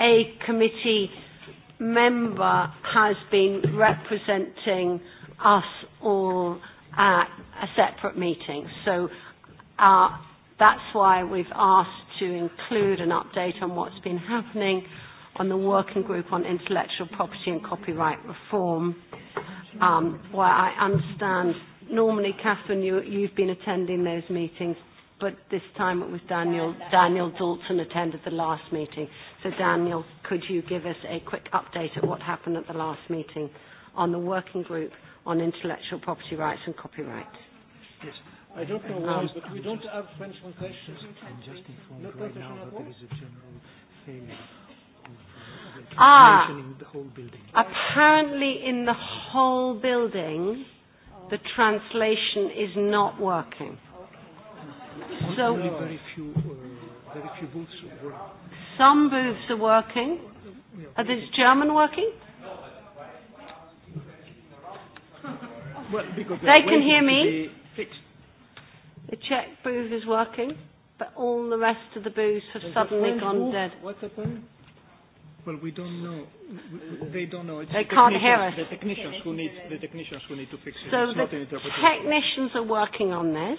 a committee member has been representing us all at a separate meeting. So uh, that's why we've asked to include an update on what's been happening on the Working Group on Intellectual Property and Copyright Reform, um, where I understand normally, Catherine, you, you've been attending those meetings but this time it was Daniel. Daniel Dalton attended the last meeting. So, Daniel, could you give us a quick update of what happened at the last meeting on the working group on intellectual property rights and copyright? Yes. I don't know why, but we don't have French translations. I'm just informed no right now that there is a general failure. Ah, the whole building. apparently in the whole building, the translation is not working. So only very few, uh, very few booths work. Some booths are working. Are these German working? Well, because they can hear me. The Czech booth is working, but all the rest of the booths have Does suddenly gone booth? dead. What happened? Well, we don't know. We, they don't know. It's they the can't hear us. The technicians, who need, the technicians who need to fix it. So it's the not an technicians are working on this.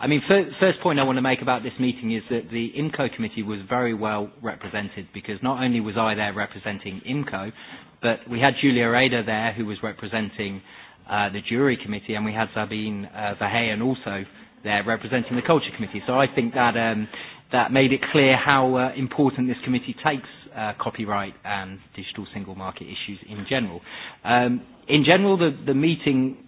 I mean, first point I want to make about this meeting is that the IMCO committee was very well represented because not only was I there representing IMCO, but we had Julia Rader there, who was representing uh, the jury committee, and we had Sabine uh, Verheyen also there representing the culture committee. So I think that um, that made it clear how uh, important this committee takes copyright and digital single market issues in general. Um, in general, the meeting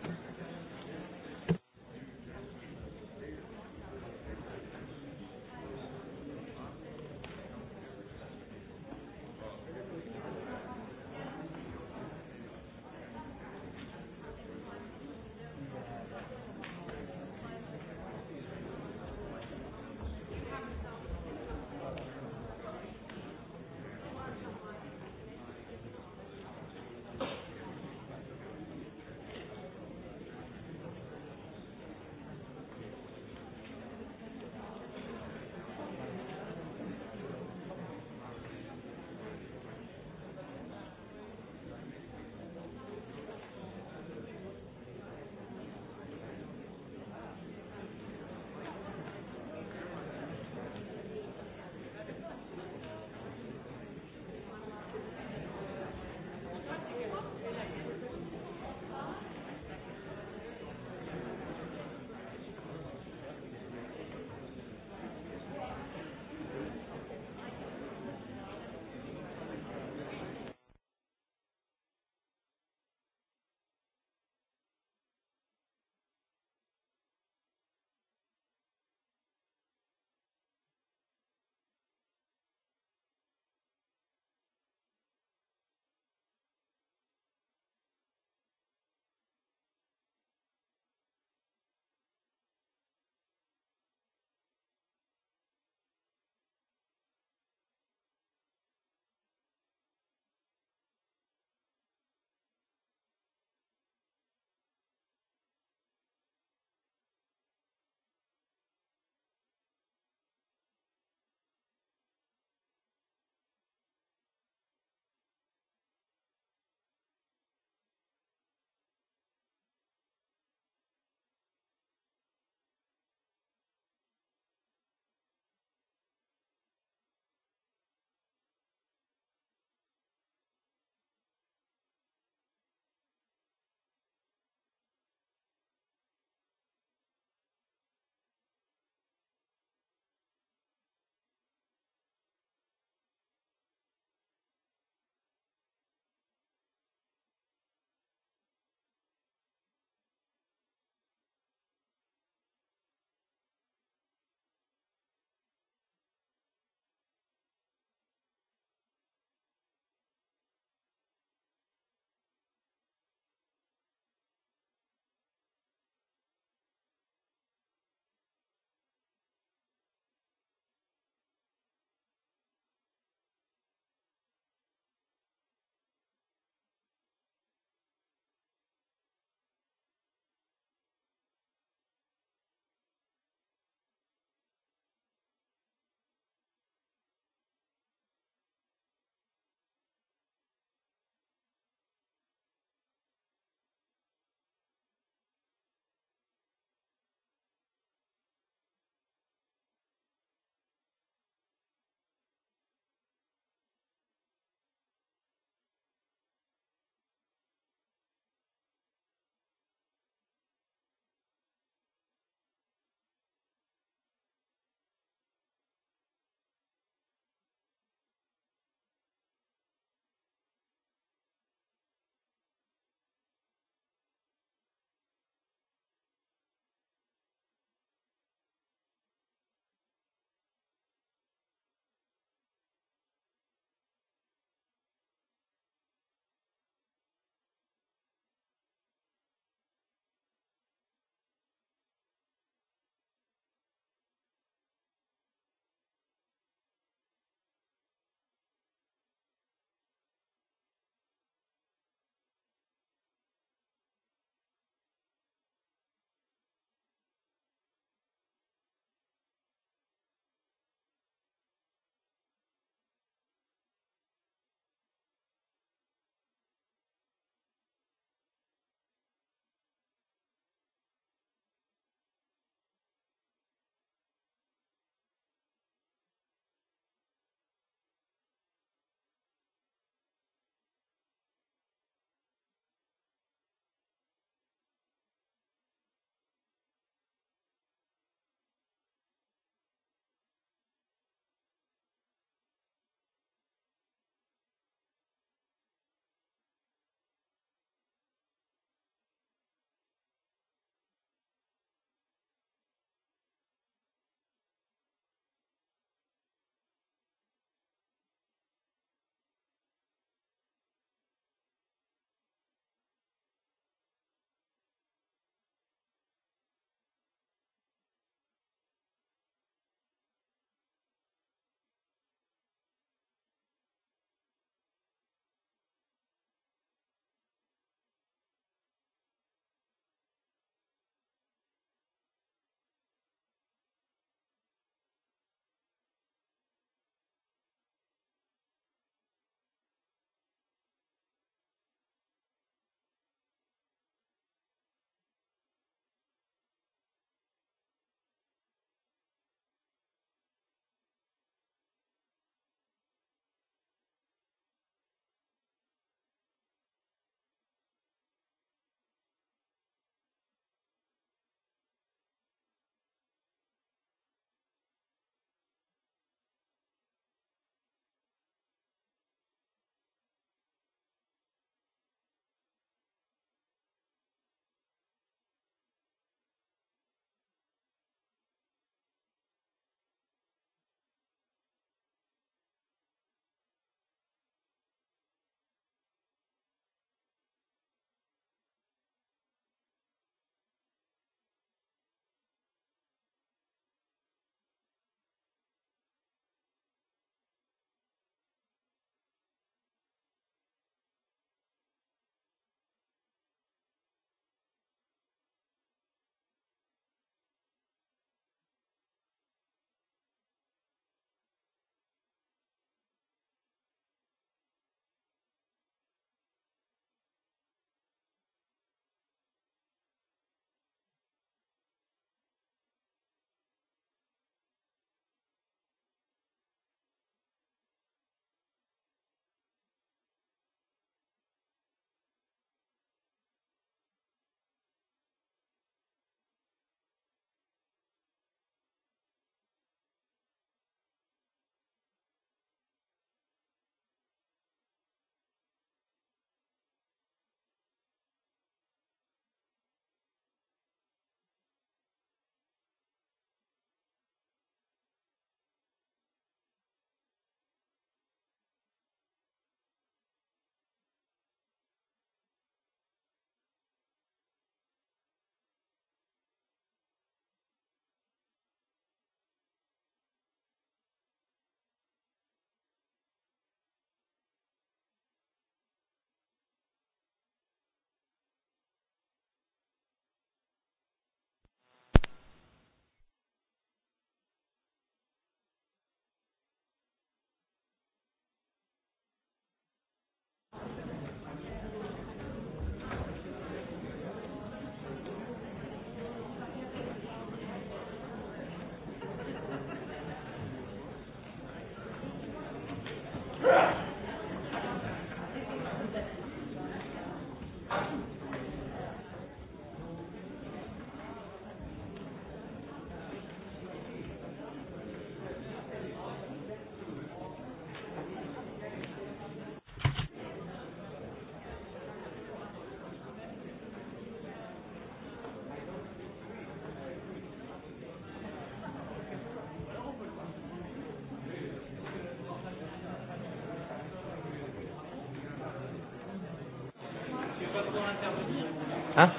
Hein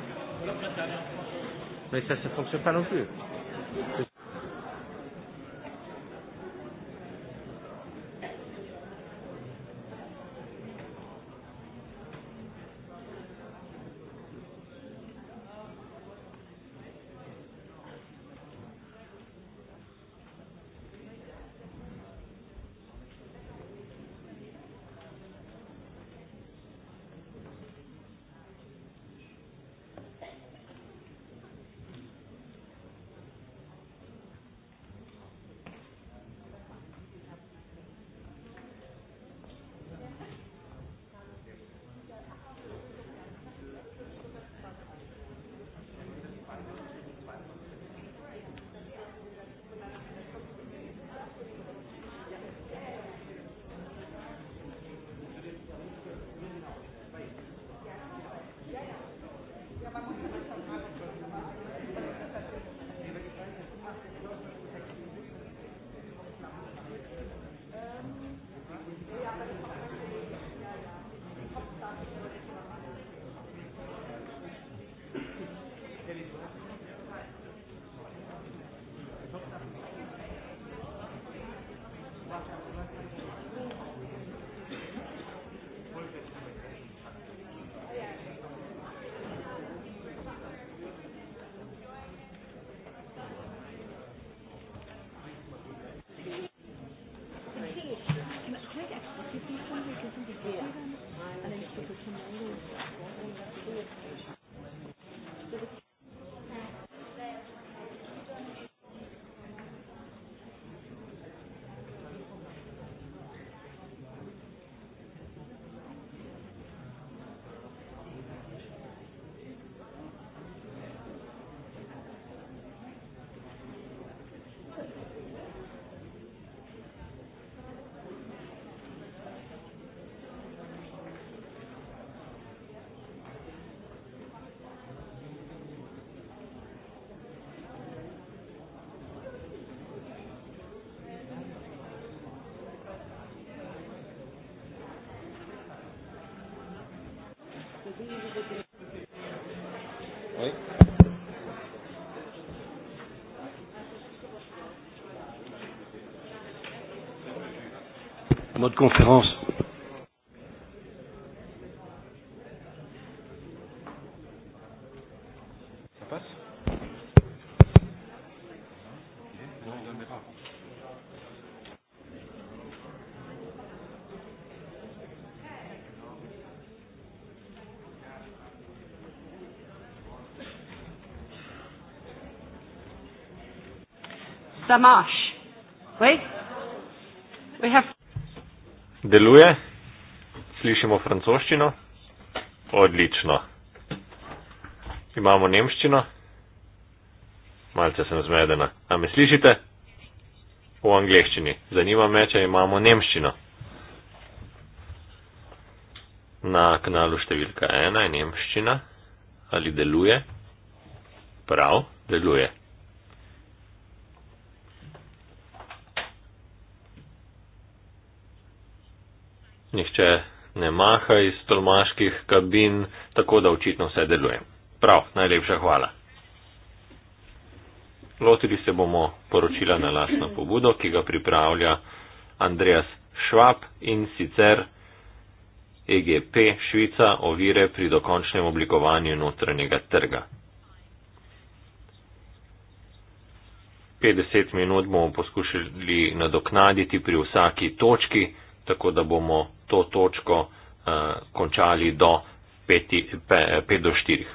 Mais ça, ça fonctionne pas non plus. notre conférence. Ça passe Ça marche. Deluje? Slišimo francoščino? Odlično. Imamo nemščino? Malce sem zmedena. A me slišite? V angleščini. Zanima me, če imamo nemščino. Na kanalu številka 1 je nemščina. Ali deluje? Prav, deluje. praha iz tolmaških kabin, tako da očitno vse deluje. Prav, najlepša hvala. Lotili se bomo poročila na lastno pobudo, ki ga pripravlja Andreas Schwab in sicer EGP Švica ovire pri dokončnem oblikovanju notranjega trga. 50 minut bomo poskušali nadoknaditi pri vsaki točki, tako da bomo to točko uh, končali do 5 pe, do 4.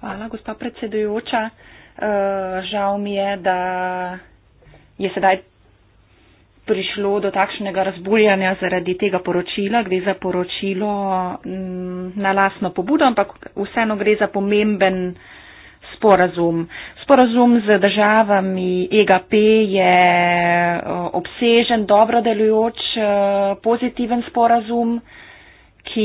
Hvala, gospa predsedujoča. Uh, žal mi je, da je sedaj prišlo do takšnega razbujanja zaradi tega poročila. Gre za poročilo m, mm, na lasno pobudo, ampak vseeno gre za pomemben sporazum. Sporazum z državami EGP je eh, obsežen, dobro delujoč, eh, pozitiven sporazum, ki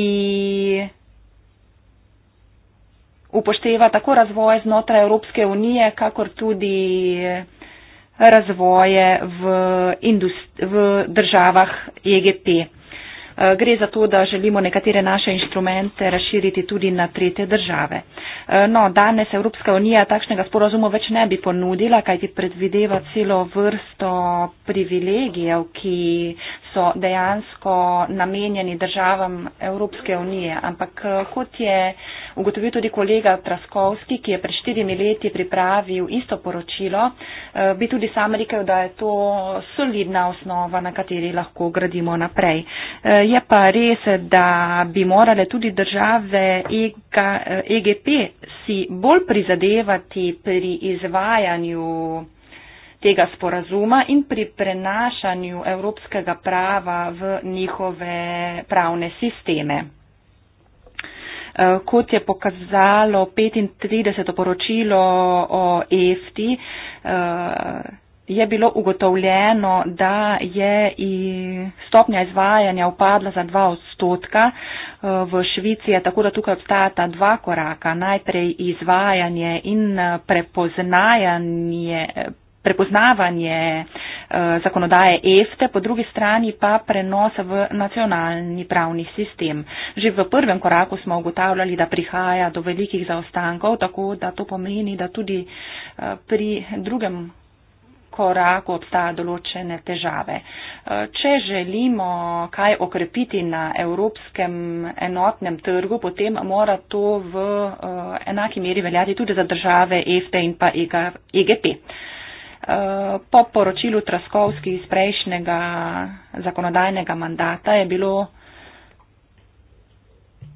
upošteva tako razvoj znotraj Evropske unije, kakor tudi razvoje v, v državah EGP. Eh, gre za to, da želimo nekatere naše inštrumente razširiti tudi na tretje države. Eh, no, danes Evropska unija takšnega sporozuma več ne bi ponudila, kajti predvideva celo vrsto privilegijev, ki so dejansko namenjeni državam Evropske unije. Ampak eh, kot je ugotovil tudi kolega Traskovski, ki je pred štirimi leti pripravil isto poročilo, eh, bi tudi sam rekel, da je to solidna osnova, na kateri lahko gradimo naprej. Eh, je pa res, da bi morale tudi države EGP eh, e si bolj prizadevati pri izvajanju tega sporazuma in pri prenašanju evropskega prava v njihove pravne sisteme. Eh, kot je pokazalo 35. poročilo o EFTI, eh, je bilo ugotovljeno, da je stopnja izvajanja upadla za dva odstotka. Eh, v Švici je tako, da tukaj obstajata dva koraka. Najprej izvajanje in prepoznajanje prepoznavanje eh, zakonodaje EFTE, po drugi strani pa prenos v nacionalni pravni sistem. Že v prvem koraku smo ugotavljali, da prihaja do velikih zaostankov, tako da to pomeni, da tudi eh, pri drugem koraku obstaja določene težave. Eh, če želimo kaj okrepiti na evropskem enotnem trgu, potem mora to v enaki meri veljati tudi za države EFTE in pa EGP. Eh, po poročilu Traskovski iz prejšnjega zakonodajnega mandata je bilo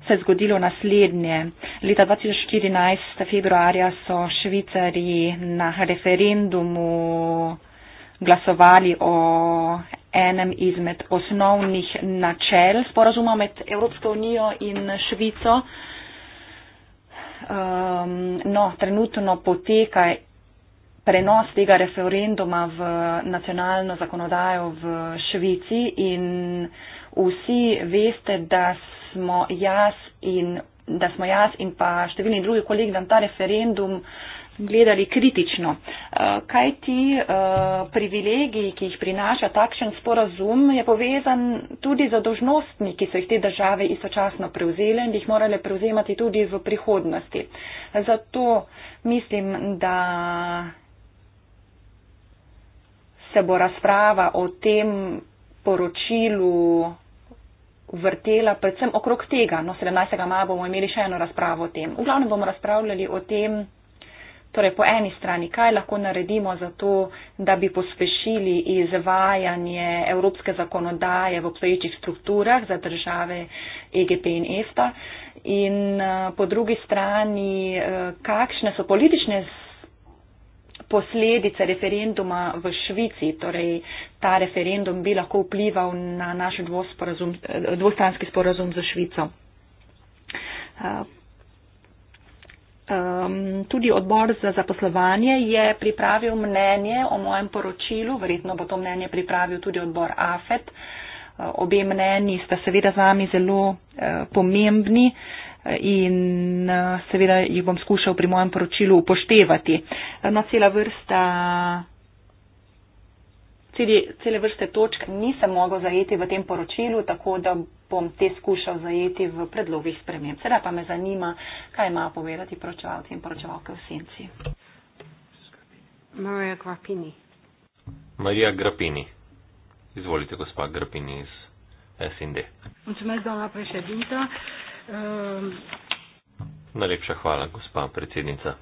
se zgodilo naslednje. Leta 2014. februarja so Švicari na referendumu glasovali o enem izmed osnovnih načel sporazuma med Evropsko unijo in Švico. Um, no, trenutno poteka prenos tega referenduma v nacionalno zakonodajo v Švici in vsi veste, da smo jaz in, da smo jaz in pa številni drugi kolegi na ta referendum gledali kritično. Eh, Kaj ti eh, privilegiji, ki jih prinaša takšen sporazum, je povezan tudi za dožnostni, ki so jih te države istočasno prevzele in jih morale prevzemati tudi v prihodnosti. Zato mislim, da se bo razprava o tem poročilu vrtela predvsem okrog tega. No, 17. maja bomo imeli še eno razpravo o tem. V glavnem bomo razpravljali o tem, torej po eni strani, kaj lahko naredimo za to, da bi pospešili izvajanje evropske zakonodaje v obstoječih strukturah za države EGP in EFTA in eh, po drugi strani, eh, kakšne so politične posledice referenduma v Švici. Torej, ta referendum bi lahko vplival na naš dvosporazum, dvostranski sporazum z Švico. Um, tudi odbor za zaposlovanje je pripravil mnenje o mojem poročilu, verjetno bo to mnenje pripravil tudi odbor AFET. Uh, obe mnenji sta seveda z nami zelo uh, pomembni. Uh, in eh, seveda jih bom skušal pri mojem poročilu upoštevati. No, cela vrsta. Cele, cele vrste točk nisem mogel zajeti v tem poročilu, tako da bom te skušal zajeti v predlogih sprememb. Sedaj pa me zanima, kaj ima povedati poročevalci in poročevalke v senci. Marija Grapini. Marija Grapini. Izvolite, gospa Grapini iz SND. Učme zdaj naprej še dinta. Um, Najlepša hvala, gospa predsednica.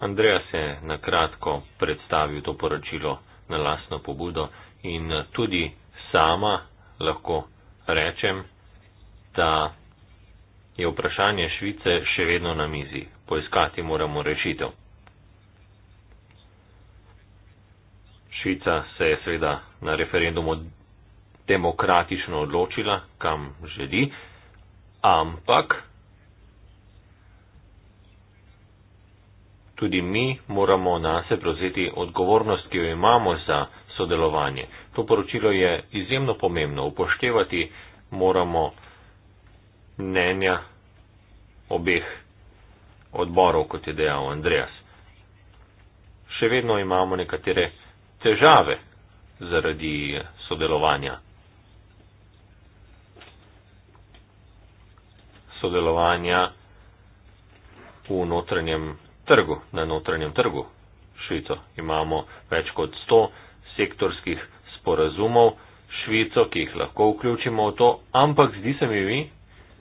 Andreja se je na kratko predstavil to poročilo na lastno pobudo in tudi sama lahko rečem, da je vprašanje Švice še vedno na mizi. Poiskati moramo rešitev. Švica se je seveda na referendumu demokratično odločila, kam želi, ampak tudi mi moramo na se prevzeti odgovornost, ki jo imamo za sodelovanje. To poročilo je izjemno pomembno. Upoštevati moramo mnenja obeh odborov, kot je dejal Andreas. Še vedno imamo nekatere težave zaradi sodelovanja. Sodelovanja v notranjem trgu, na notranjem trgu Švico. Imamo več kot 100 sektorskih sporazumov Švico, ki jih lahko vključimo v to, ampak zdi se mi, vi,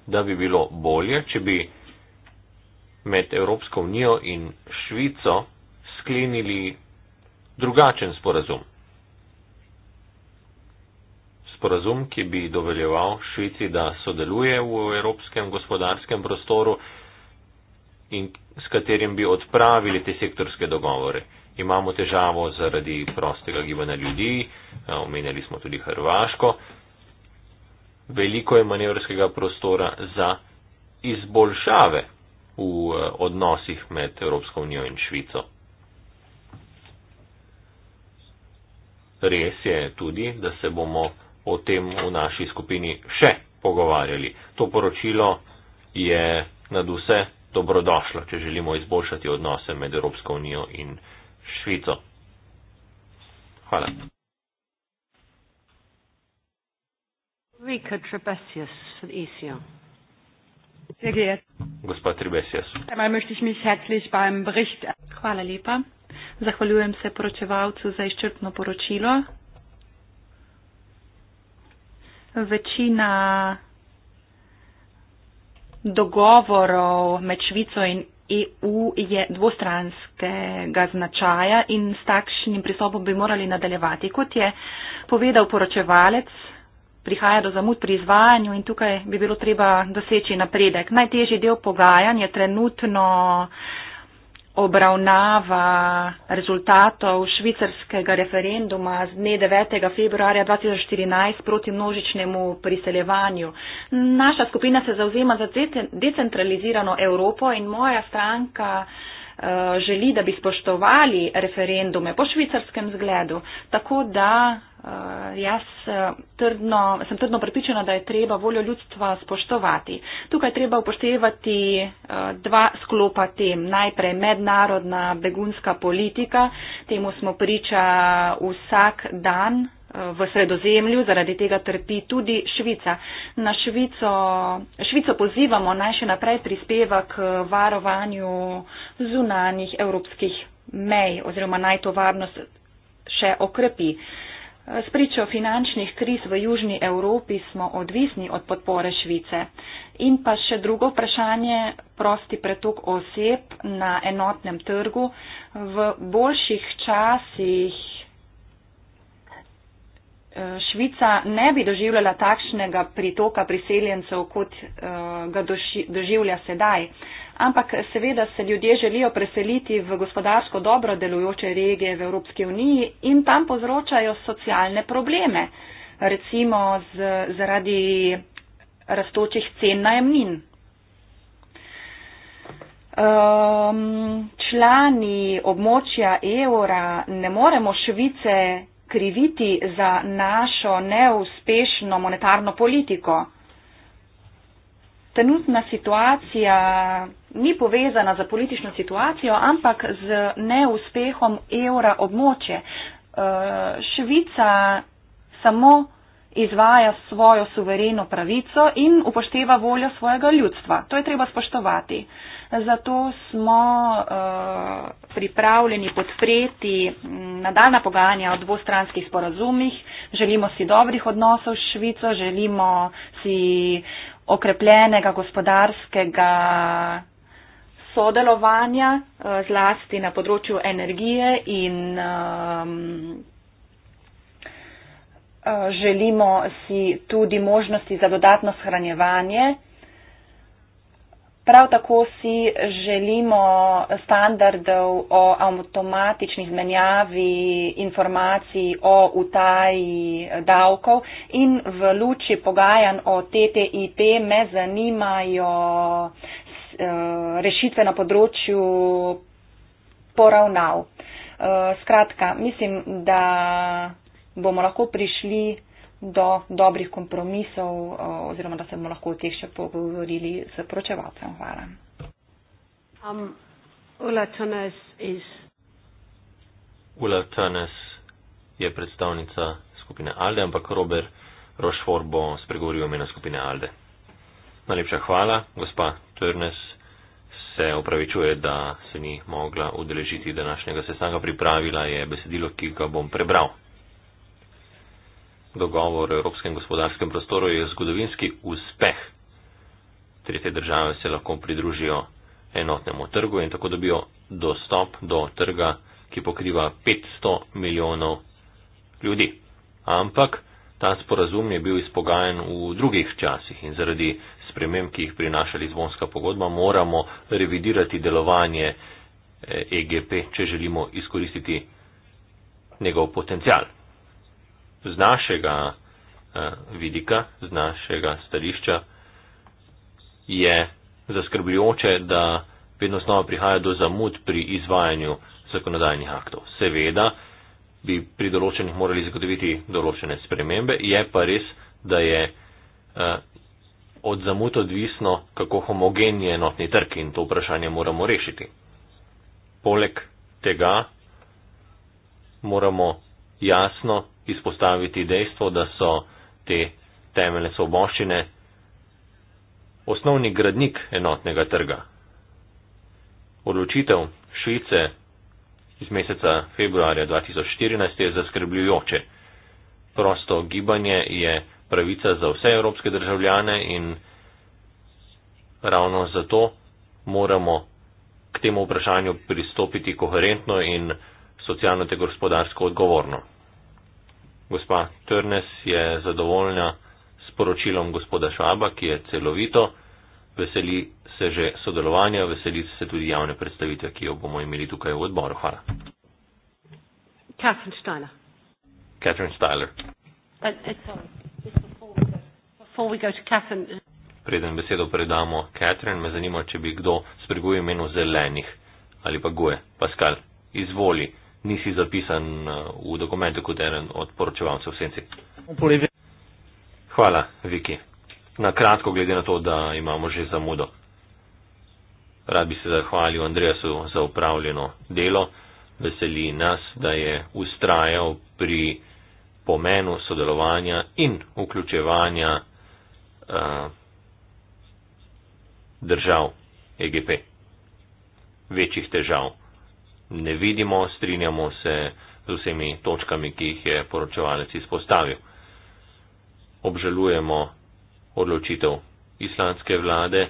da bi bilo bolje, če bi med Evropsko unijo in Švico sklenili drugačen sporazum. Sporazum, ki bi doveljeval Švici, da sodeluje v evropskem gospodarskem prostoru in s katerim bi odpravili te sektorske dogovore. Imamo težavo zaradi prostega gibanja ljudi, eh, omenjali smo tudi Hrvaško. Veliko je manevrskega prostora za izboljšave v eh, odnosih med Evropsko unijo in Švico. res je tudi, da se bomo o tem v naši skupini še pogovarjali. To poročilo je nad vse dobrodošlo, če želimo izboljšati odnose med Evropsko unijo in Švico. Hvala. Vi kot trapezijo s ICO. Sehr geehrta Tribesias. Zdaj möchte ich mich herzlich beim Bericht. Hvala lepa. Zahvaljujem se poročevalcu za izčrpno poročilo. Večina dogovorov med Švico in EU je dvostranskega značaja in s takšnim pristopom bi morali nadaljevati. Kot je povedal poročevalec, prihaja do zamud pri izvajanju in tukaj bi bilo treba doseči napredek. Najtežji del pogajanj je trenutno obravnava rezultatov švicarskega referenduma z dne 9. februarja 2014 proti množičnemu priseljevanju. Naša skupina se zauzema za decentralizirano Evropo in moja stranka. Eh, želi, da bi spoštovali referendume po švicarskem zgledu. Tako da eh, jaz eh, trdno, sem trdno prepričana, da je treba voljo ljudstva spoštovati. Tukaj je treba upoštevati dva sklopa tem. Najprej mednarodna begunska politika, temu smo priča vsak dan v sredozemlju, zaradi tega trpi tudi Švica. Na Švico, Švico pozivamo naj še naprej prispeva k varovanju zunanjih evropskih mej oziroma naj to varnost še okrepi. S pričo finančnih kriz v Južni Evropi smo odvisni od podpore Švice. In pa še drugo vprašanje, prosti pretok oseb na enotnem trgu. V boljših časih Švica ne bi doživljala takšnega pritoka priseljencev, kot eh, ga doživlja sedaj. Ampak seveda se ljudje želijo preseliti v gospodarsko dobro delujoče regije v Evropski uniji in tam povzročajo socialne probleme, recimo z, zaradi rastočih cen najemnin. Um, člani območja evra ne moremo Švice kriviti za našo neuspešno monetarno politiko. Trenutna situacija ni povezana za politično situacijo, ampak z neuspehom evra območje. Eh, Švica samo izvaja svojo suvereno pravico in upošteva voljo svojega ljudstva. To je treba spoštovati. Uh, Zato smo eh, pripravljeni podpreti mm, nadaljna pogajanja o dvostranskih sporazumih. Želimo si dobrih odnosov s Švico, želimo si okrepljenega gospodarskega sodelovanja eh, zlasti na področju energije in ehm, eh, želimo si tudi možnosti za dodatno shranjevanje. Prav tako si želimo standardov o avtomatični zmenjavi informacij o utaji davkov in v luči pogajanj o TTIP me zanimajo eh, rešitve na področju poravnav. Eh, skratka, mislim, da bomo lahko prišli do dobrih kompromisov eh, oziroma da se bomo lahko o teh še pogovorili s poročevalcem. Hvala. Um, Ula, Tunes is... Ula Tunes je predstavnica skupine ALDE, ampak Robert Rošfor bo spregovoril imena skupine ALDE. Najlepša hvala, gospa Tunes se opravičuje, da se ni mogla udeležiti današnjega sestanka. Pripravila je besedilo, ki ga bom prebral dogovor o evropskem gospodarskem prostoru je zgodovinski uspeh. Tretje države se lahko pridružijo enotnemu trgu in tako dobijo dostop do trga, ki pokriva 500 milijonov ljudi. Ampak ta sporazum je bil izpogajen v drugih časih in zaradi sprememb, ki jih prinaša Lizbonska pogodba, moramo revidirati delovanje EGP, eh, e če želimo izkoristiti njegov potencial z našega eh, vidika, z našega stališča je zaskrbljujoče, da vedno znova prihaja do zamud pri izvajanju zakonodajnih aktov. Seveda bi pri določenih morali zagotoviti določene spremembe, je pa res, da je eh, od zamud odvisno, kako homogen je enotni trg in to vprašanje moramo rešiti. Poleg tega moramo jasno izpostaviti dejstvo, da so te temeljne svoboščine osnovni gradnik enotnega trga. Odločitev Švice iz meseca februarja 2014 je zaskrbljujoče. Prosto gibanje je pravica za vse evropske državljane in ravno zato moramo k temu vprašanju pristopiti koherentno in socialno te gospodarsko odgovorno. Gospa Trnes je zadovoljna s poročilom gospoda Šaba, ki je celovito, veseli se že sodelovanja, veseli se tudi javne predstavitve, ki jo bomo imeli tukaj v odboru. Hvala. Catherine Steiner. Catherine Steiner. Uh, uh, uh. Preden besedo predamo Catherine, me zanima, če bi kdo spregovoril imenu zelenih ali pa goje. Pascal, izvoli nisi zapisan eh, v dokumentu kot eden od poročevalcev v senci. Hvala, Viki. Na kratko, glede na to, da imamo že zamudo. Rad bi se zahvalil Andreasu za upravljeno delo. Veseli nas, da je ustrajal pri pomenu sodelovanja in vključevanja uh, držav EGP. Večjih težav ne vidimo, strinjamo se z vsemi točkami, ki jih je poročevalec izpostavil. Obžalujemo odločitev islandske vlade,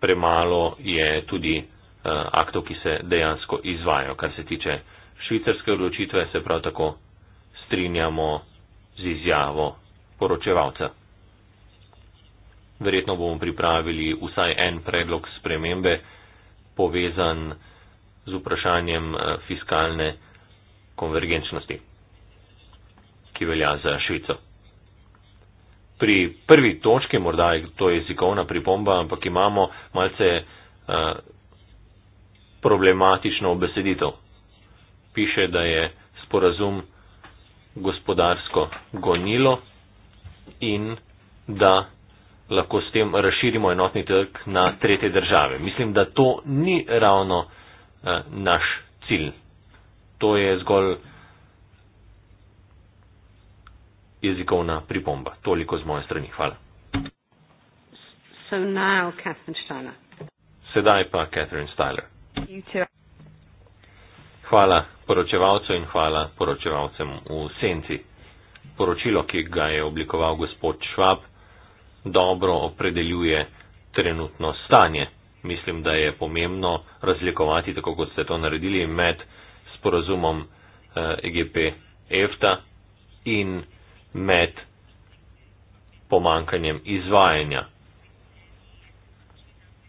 premalo je tudi uh, aktov, ki se dejansko izvajo. Kar se tiče švicarske odločitve, se prav tako strinjamo z izjavo poročevalca. Verjetno bomo pripravili vsaj en predlog spremembe, povezan z vprašanjem eh, fiskalne konvergenčnosti, ki velja za Švico. Pri prvi točki, morda je to jezikovna pripomba, ampak imamo malce uh, problematično obeseditev. Piše, da je sporazum gospodarsko gonilo in da lahko s tem razširimo enotni trg na tretje države. Mislim, da to ni ravno eh, naš cilj. To je zgolj jezikovna pripomba. Toliko z moje strani. Hvala. Sedaj pa Catherine Styler. Hvala poročevalcu in hvala poročevalcem v senci. Poročilo, ki ga je oblikoval gospod Švab, dobro opredeljuje trenutno stanje. Mislim, da je pomembno razlikovati, tako kot ste to naredili, med sporazumom EGP-EFTA eh, e in med pomankanjem izvajanja.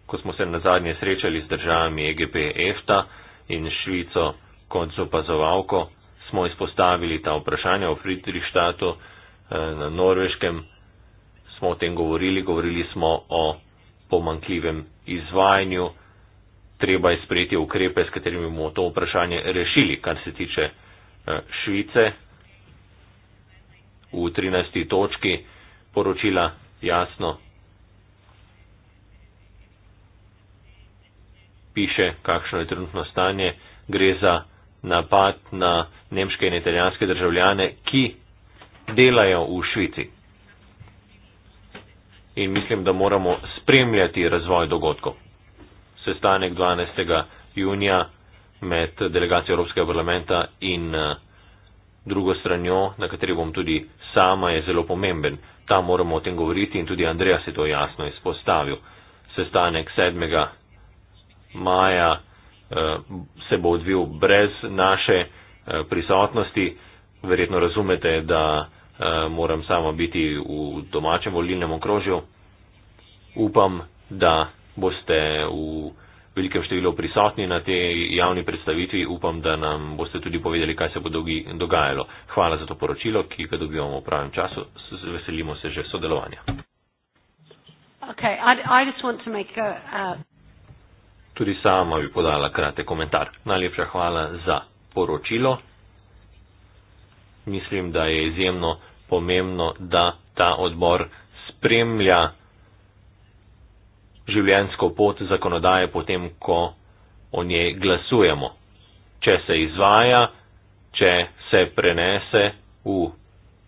Ko smo se na zadnje srečali z državami EGP-EFTA in Švico kot zopazovalko, smo izpostavili ta vprašanja v Fridrichstatu eh, na Norveškem smo o tem govorili, govorili smo o pomankljivem izvajanju, treba je sprejeti ukrepe, s katerimi bomo to vprašanje rešili, kar se tiče eh, Švice. V 13. točki poročila jasno piše, kakšno je trenutno stanje. Gre za napad na nemške in italijanske državljane, ki delajo v Švici in mislim, da moramo spremljati razvoj dogodkov. Sestanek 12. junija med delegacijo Evropskega parlamenta in eh, drugo stranjo, na kateri bom tudi sama, je zelo pomemben. Tam moramo o tem govoriti in tudi Andreja se to jasno izpostavil. Sestanek 7. maja eh, se bo odvil brez naše eh, prisotnosti. Verjetno razumete, da. Eh, moram sama biti v domačem volilnem okrožju. Upam, da boste v velikem številu prisotni na tej javni predstavitvi. Upam, da nam boste tudi povedali, kaj se bo dogajalo. Hvala za to poročilo, ki ga dobivamo v pravem času. Veselimo se že sodelovanja. Okay, I, I Tudi sama bi podala kratek komentar. Najlepša hvala za poročilo. Mislim, da je izjemno pomembno, da ta odbor spremlja življenjsko pot zakonodaje potem, ko o njej glasujemo. Če se izvaja, če se prenese v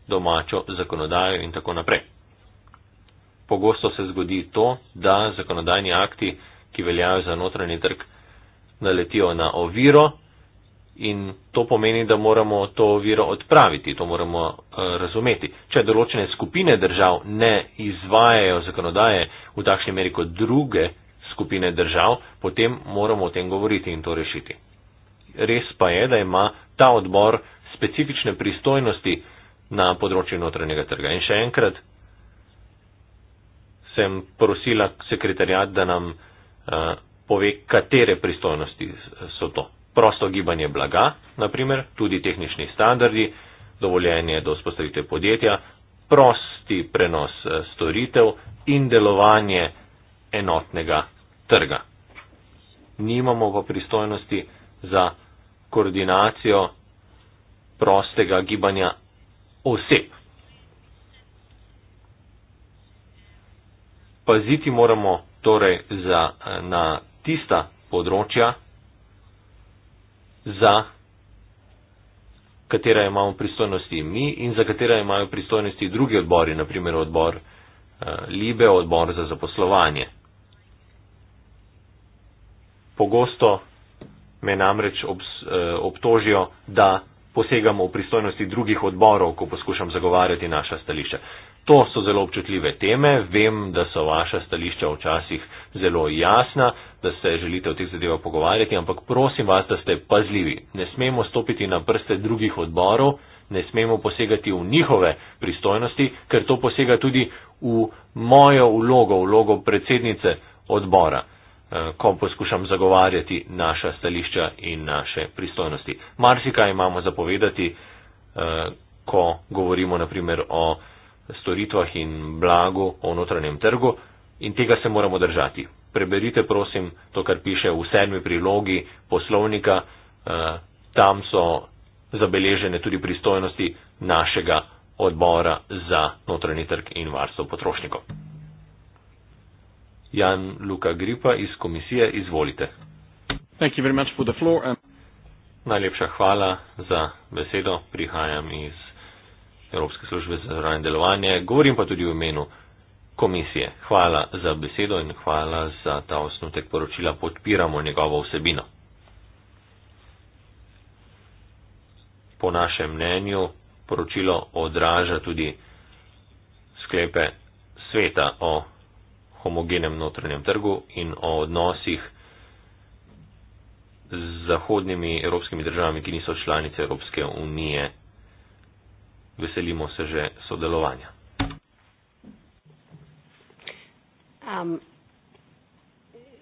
domačo zakonodajo in tako naprej. Pogosto se zgodi to, da zakonodajni akti, ki veljajo za notranji trg, naletijo na oviro In to pomeni, da moramo to oviro odpraviti, to moramo uh, razumeti. Če določene skupine držav ne izvajajo zakonodaje v takšni meri kot druge skupine držav, potem moramo o tem govoriti in to rešiti. Res pa je, da ima ta odbor specifične pristojnosti na področju notranjega trga. In še enkrat sem prosila sekretarjat, da nam uh, pove, katere pristojnosti so to prosto gibanje blaga, naprimer tudi tehnični standardi, dovoljenje do spostavite podjetja, prosti prenos eh, storitev in delovanje enotnega trga. Nimamo pa pristojnosti za koordinacijo prostega gibanja oseb. Paziti moramo torej za, eh, na tista področja, za katera imamo pristojnosti mi in za katera imajo pristojnosti drugi odbori, naprimer odbor eh, Libe, odbor za zaposlovanje. Pogosto me namreč eh, obtožijo, da posegamo v pristojnosti drugih odborov, ko poskušam zagovarjati naša stališča. To so zelo občutljive teme, vem, da so vaša stališča včasih zelo jasna, da se želite o teh zadevah pogovarjati, ampak prosim vas, da ste pazljivi. Ne smemo stopiti na prste drugih odborov, ne smemo posegati v njihove pristojnosti, ker to posega tudi v mojo vlogo, vlogo predsednice odbora, eh, ko poskušam zagovarjati naša stališča in naše pristojnosti. Marsika imamo zapovedati, eh, ko govorimo naprimer o storitvah in blagu o notranjem trgu in tega se moramo držati. Preberite, prosim, to, kar piše v sedmi prilogi poslovnika, eh, tam so zabeležene tudi pristojnosti našega odbora za notranji trg in varstvo potrošnikov. Jan Luka Gripa iz komisije, izvolite. Najlepša hvala za besedo. Prihajam iz Evropske službe za zdravljanje delovanje, govorim pa tudi v imenu komisije. Hvala za besedo in hvala za ta osnutek poročila. Podpiramo njegovo vsebino. Po našem mnenju poročilo odraža tudi sklepe sveta o homogenem notranjem trgu in o odnosih z zahodnimi evropskimi državami, ki niso članice Evropske unije veselimo se že sodelovanja. Um,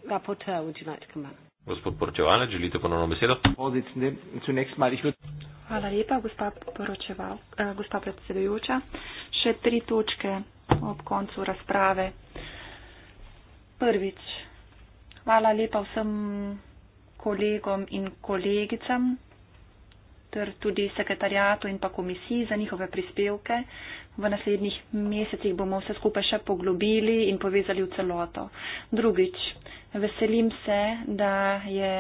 Rapporteur, would you like to come back? Gospod poročevalec, želite ponovno besedo? Hvala lepa, gospa, poročeval, uh, gospa predsedujoča. Še tri točke ob koncu razprave. Prvič, hvala lepa vsem kolegom in kolegicam, ter tudi sekretarjatu in pa komisiji za njihove prispevke. V naslednjih mesecih bomo vse skupaj še poglobili in povezali v celoto. Drugič, veselim se, da je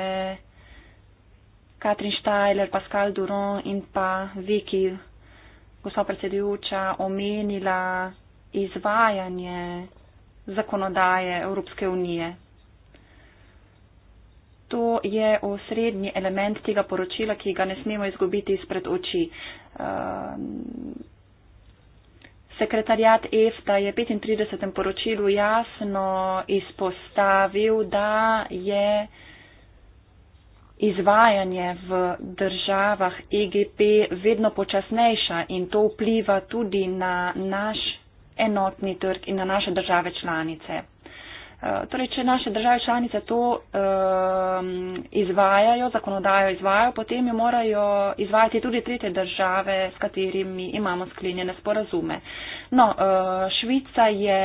Katrin Štajler, Pascal Duron in pa Viki, gospod predsedujoča, omenila izvajanje zakonodaje Evropske unije to je osrednji element tega poročila, ki ga ne smemo izgubiti izpred oči. Ehm, Sekretarjat EFTA je v 35. poročilu jasno izpostavil, da je izvajanje v državah EGP vedno počasnejša in to vpliva tudi na naš enotni trg in na naše države članice. Eh, torej, če naše države članice to ehm, izvajajo, zakonodajo izvajajo, potem jo morajo izvajati tudi tretje države, s katerimi imamo sklenjene sporazume. No, eh, Švica je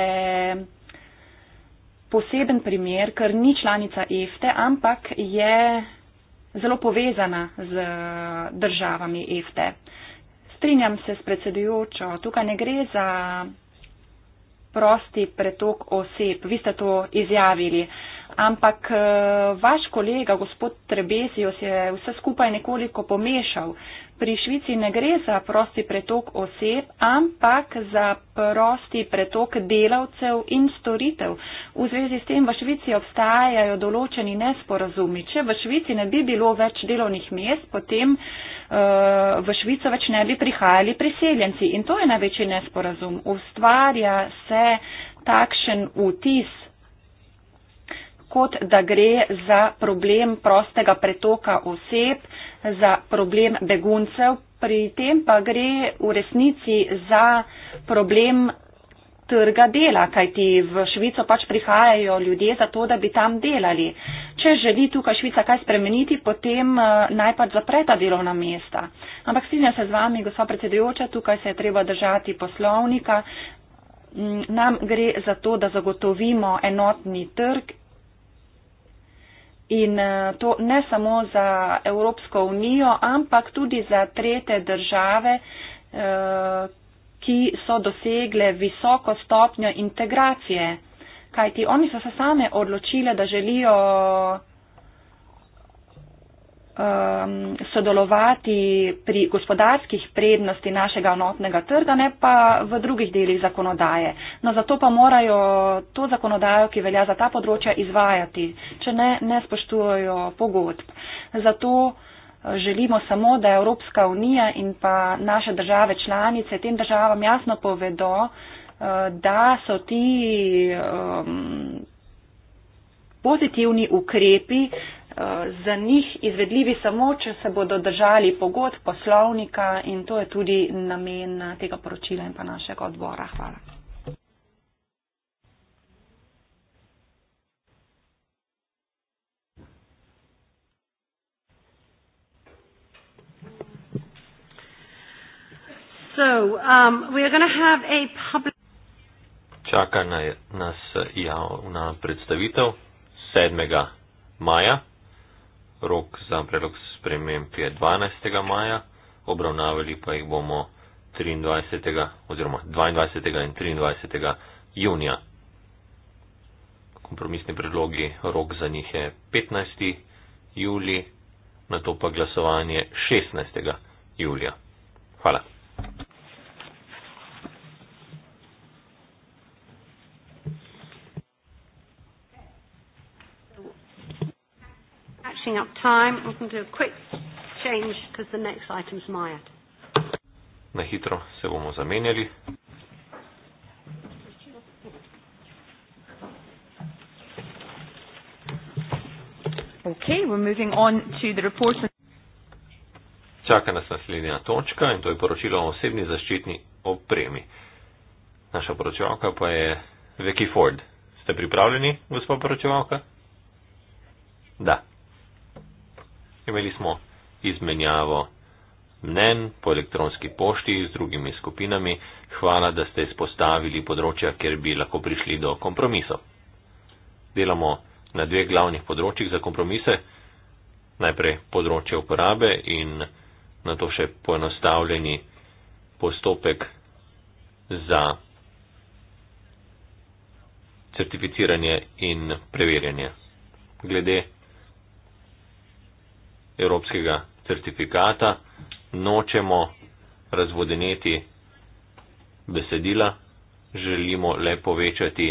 poseben primer, ker ni članica EFTE, ampak je zelo povezana z eh, državami EFTE. Strinjam se s predsedujočo, tukaj ne gre za prosti pretok oseb. Vi ste to izjavili. Ampak eh, vaš kolega, gospod Trebezijo, se je vse skupaj nekoliko pomešal pri Švici ne gre za prosti pretok oseb, ampak za prosti pretok delavcev in storitev. V zvezi s tem v Švici obstajajo določeni nesporazumi. Če v Švici ne bi bilo več delovnih mest, potem eh, v Švico več ne bi prihajali priseljenci. In to je največji nesporazum. Ustvarja se takšen vtis kot da gre za problem prostega pretoka oseb, za problem beguncev, pri tem pa gre v resnici za problem trga dela, kajti v Švico pač prihajajo ljudje za to, da bi tam delali. Če želi tukaj Švica kaj spremeniti, potem eh, naj pač zapre ta delovna mesta. Ampak strinjam se z vami, gospod predsedujoča, tukaj se je treba držati poslovnika. Mm, nam gre za to, da zagotovimo enotni trg In eh, to ne samo za Evropsko unijo, ampak tudi za trete države, eh, ki so dosegle visoko stopnjo integracije. Kajti oni so se same odločile, da želijo um, sodelovati pri gospodarskih prednosti našega enotnega trga, ne pa v drugih delih zakonodaje. No, zato pa morajo to zakonodajo, ki velja za ta področja, izvajati, če ne, ne spoštujejo pogodb. Zato eh, želimo samo, da Evropska unija in pa naše države članice tem državam jasno povedo, eh, da so ti um, pozitivni ukrepi uh, Eh, za njih izvedljivi samo, če se bodo držali pogod poslovnika in to je tudi namen eh, tega poročila in pa našega odbora. Hvala. So, um, we are have a public... Čaka na, nas javna predstavitev 7. maja. Rok za predlog sprememb je 12. maja, obravnavali pa jih bomo 23. oziroma 22. in 23. junija. Kompromisni predlogi, rok za njih je 15. juli, na to pa glasovanje 16. julija. Hvala. taking up time. We can do a quick change because the next item is my ad. Na hitro se bomo zamenjali. Okay, we're moving on to the report. Čaka nas naslednja točka in to je poročilo o osebni zaščitni opremi. Naša poročevalka pa je Vicky Ford. Ste pripravljeni, gospod poročevalka? Da imeli smo izmenjavo mnen po elektronski pošti z drugimi skupinami. Hvala, da ste izpostavili področja, kjer bi lahko prišli do kompromisov. Delamo na dveh glavnih področjih za kompromise. Najprej področje uporabe in na to še poenostavljeni postopek za certificiranje in preverjanje. Glede evropskega certifikata, nočemo razvodeneti besedila, želimo le povečati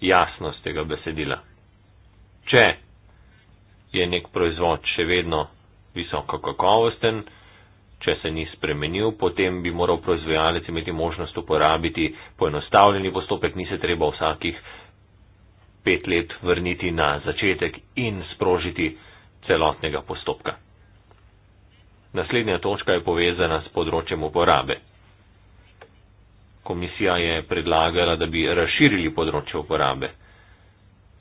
jasnost tega besedila. Če je nek proizvod še vedno visoko kakovosten, če se ni spremenil, potem bi moral proizvajalec imeti možnost uporabiti poenostavljeni postopek, ni se treba vsakih pet let vrniti na začetek in sprožiti celotnega postopka. Naslednja točka je povezana s področjem uporabe. Komisija je predlagala, da bi razširili področje uporabe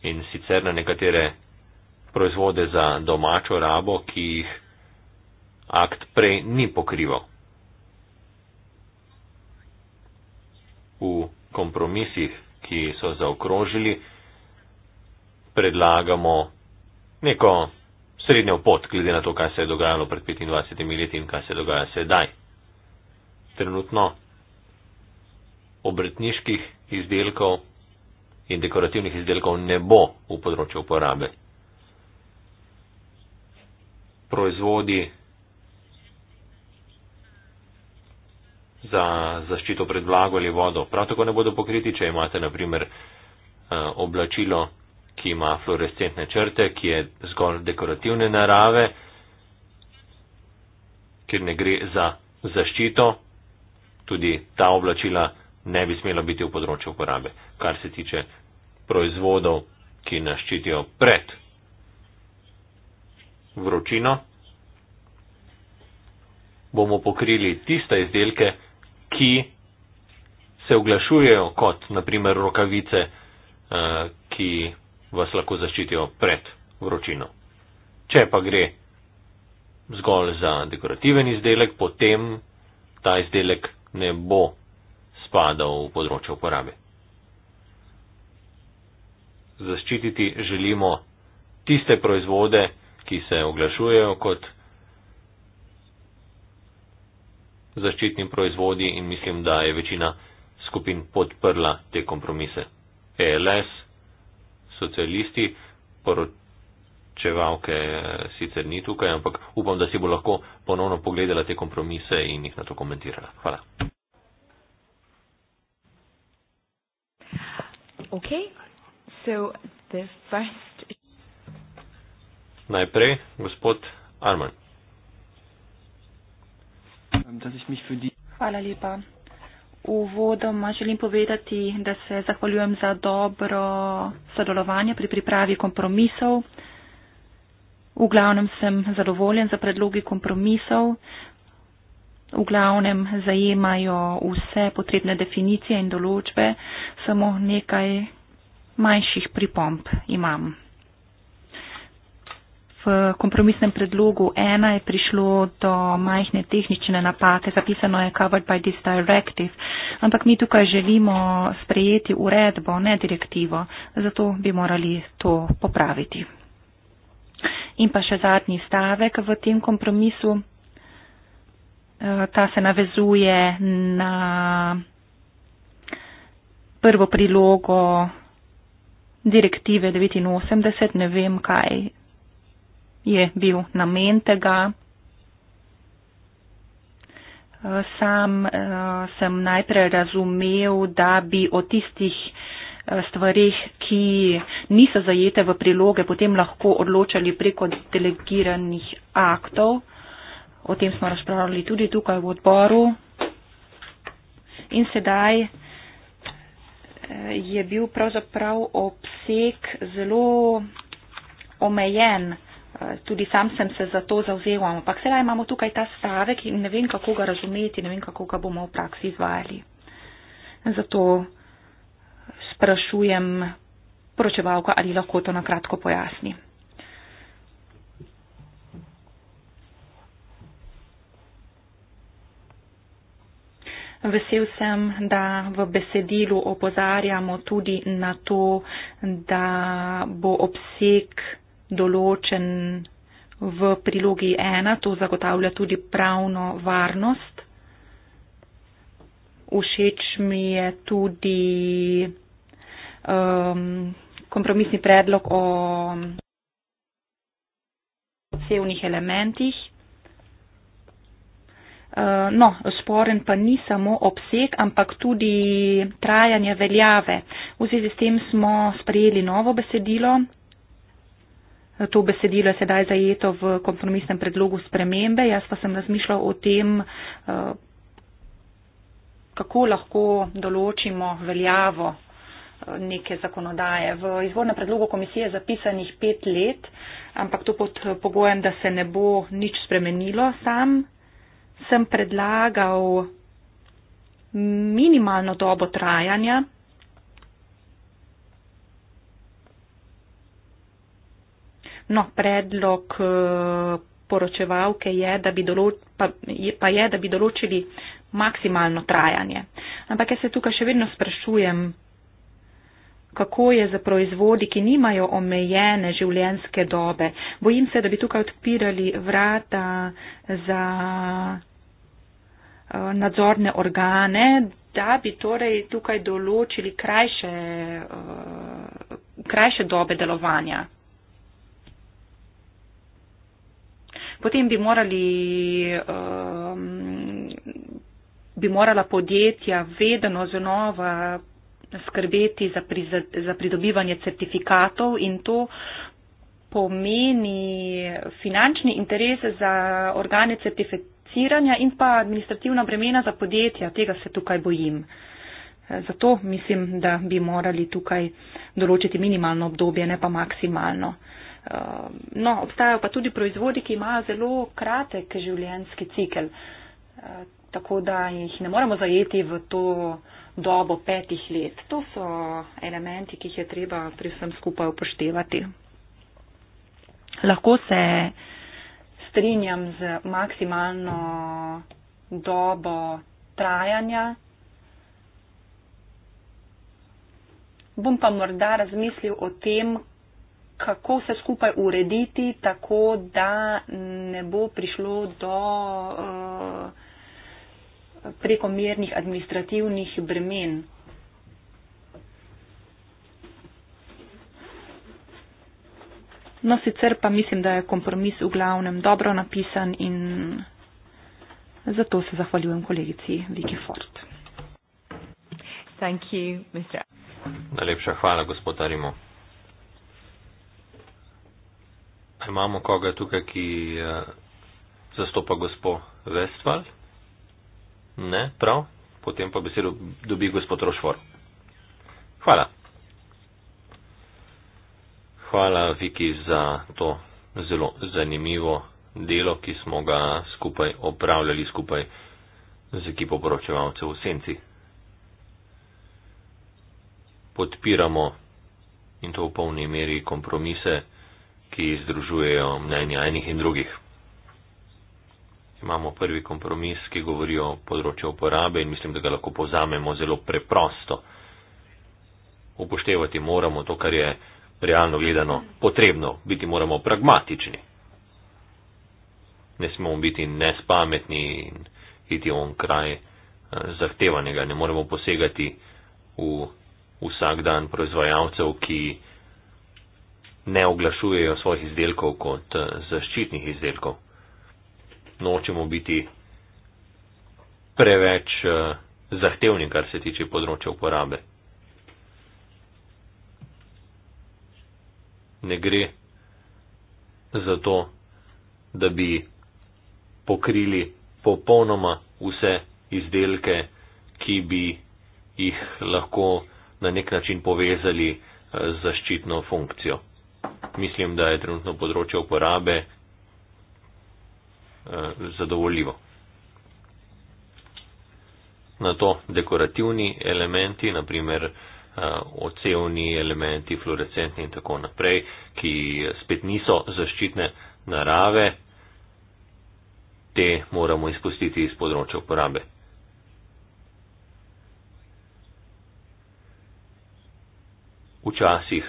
in sicer na nekatere proizvode za domačo rabo, ki jih akt prej ni pokrival. V kompromisih, ki so zaokrožili, predlagamo neko srednjo pot, glede na to, kaj se je dogajalo pred 25 leti in kaj se dogaja sedaj. Trenutno obrtniških izdelkov in dekorativnih izdelkov ne bo v področju uporabe. Proizvodi za zaščito pred vlago ali vodo prav tako ne bodo pokriti, če imate naprimer eh, oblačilo ki ima fluorescentne črte, ki je zgolj dekorativne narave, ker ne gre za zaščito, tudi ta oblačila ne bi smela biti v področju uporabe, kar se tiče proizvodov, ki nas ščitijo pred vročino, bomo pokrili tiste izdelke, ki se oglašujejo kot naprimer rokavice, eh, ki vas lahko zaščitijo pred vročino. Če pa gre zgolj za dekorativen izdelek, potem ta izdelek ne bo spadal v področje uporabe. Zaščititi želimo tiste proizvode, ki se oglašujejo kot zaščitni proizvodi in mislim, da je večina skupin podprla te kompromise. ELS socialisti, poročevalke eh, sicer ni tukaj, ampak upam, da si bo lahko ponovno pogledala te kompromise in jih na to komentirala. Hvala. Okay. So the first... Najprej gospod Arman. Hvala lepa. Uvodoma želim povedati, da se zahvaljujem za dobro sodelovanje pri pripravi kompromisov. V glavnem sem zadovoljen za predlogi kompromisov. V glavnem zajemajo vse potrebne definicije in določbe, samo nekaj manjših pripomp imam. V kompromisnem predlogu ena je prišlo do majhne tehnične napake, zapisano je covered by this directive, ampak mi tukaj želimo sprejeti uredbo, ne direktivo, zato bi morali to popraviti. In pa še zadnji stavek v tem kompromisu, e, ta se navezuje na prvo prilogo direktive 89, ne vem kaj je bil namen tega. Eh, sam eh, sem najprej razumel, da bi o tistih eh, stvarih, ki niso zajete v priloge, potem lahko odločali preko delegiranih aktov. O tem smo razpravljali tudi tukaj v odboru. In sedaj je bil pravzaprav obseg zelo omejen. Eh, tudi sam sem se za to zauzel, ampak sedaj imamo tukaj ta stavek in ne vem, kako ga razumeti, ne vem, kako ga bomo v praksi izvajali. Zato sprašujem poročevalko, ali lahko to nakratko pojasni. Vesel sem, da v besedilu opozarjamo tudi na to, da bo obseg določen v prilogi ena, to zagotavlja tudi pravno varnost. Všeč mi je tudi um, kompromisni predlog o cevnih elementih. Uh, no, sporen pa ni samo obseg, ampak tudi trajanje veljave. V zvezi s tem smo sprejeli novo besedilo, To besedilo je sedaj zajeto v kompromisnem predlogu spremembe. Jaz pa sem razmišljal o tem, eh, kako lahko določimo veljavo eh, neke zakonodaje. V izvornem predlogu komisije je zapisanih pet let, ampak to pod pogojem, da se ne bo nič spremenilo. Sam sem predlagal minimalno dobo trajanja No, predlog eh, poročevalke je, da bi, določ, pa, pa je, da bi določili maksimalno trajanje. Ampak jaz se tukaj še vedno sprašujem, kako je za proizvodi, ki nimajo omejene življenske dobe. Bojim se, da bi tukaj odpirali vrata za eh, nadzorne organe, da bi torej tukaj določili krajše, eh, krajše dobe delovanja potem bi morali. Um, bi morala podjetja vedno znova skrbeti za, pri, za pridobivanje certifikatov in to pomeni finančni interes za organe certificiranja in pa administrativna bremena za podjetja. Tega se tukaj bojim. Zato mislim, da bi morali tukaj določiti minimalno obdobje, ne pa maksimalno. Um, no, obstajajo pa tudi proizvodi, ki imajo zelo kratek življenjski cikel, uh, tako da jih ne moremo zajeti v to dobo petih let. To so elementi, ki jih je treba pri vsem skupaj upoštevati. Lahko se strinjam z maksimalno dobo trajanja. Bom pa morda razmislil o tem, kako vse skupaj urediti, tako da ne bo prišlo do eh, prekomernih administrativnih bremen. No, sicer pa mislim, da je kompromis v glavnem dobro napisan in zato se zahvaljujem kolegici Viki Ford. Najlepša hvala, gospod Arimo. imamo koga tukaj, ki uh, zastopa gospod Vestval? Ne, prav. Potem pa besedo dobi gospod Rošvor. Hvala. Hvala, Viki, za to zelo zanimivo delo, ki smo ga skupaj opravljali skupaj z ekipo poročevalcev v Senci. Podpiramo in to v polni meri kompromise ki združujejo mnenja enih in drugih. Imamo prvi kompromis, ki govori o področju uporabe in mislim, da ga lahko povzamemo zelo preprosto. Upoštevati moramo to, kar je realno gledano potrebno, biti moramo pragmatični. Ne smemo biti nespametni in iti on kraj eh, zahtevanega. Ne moremo posegati v vsak dan proizvajalcev, ki ne oglašujejo svojih izdelkov kot eh, zaščitnih izdelkov. Nočemo biti preveč eh, zahtevni, kar se tiče področja uporabe. Ne gre za to, da bi pokrili popolnoma vse izdelke, ki bi jih lahko na nek način povezali eh, z zaščitno funkcijo mislim, da je trenutno področje uporabe eh, zadovoljivo. Na to dekorativni elementi, naprimer eh, ocevni elementi, fluorescentni in tako naprej, ki spet niso zaščitne narave, te moramo izpustiti iz področja uporabe. Včasih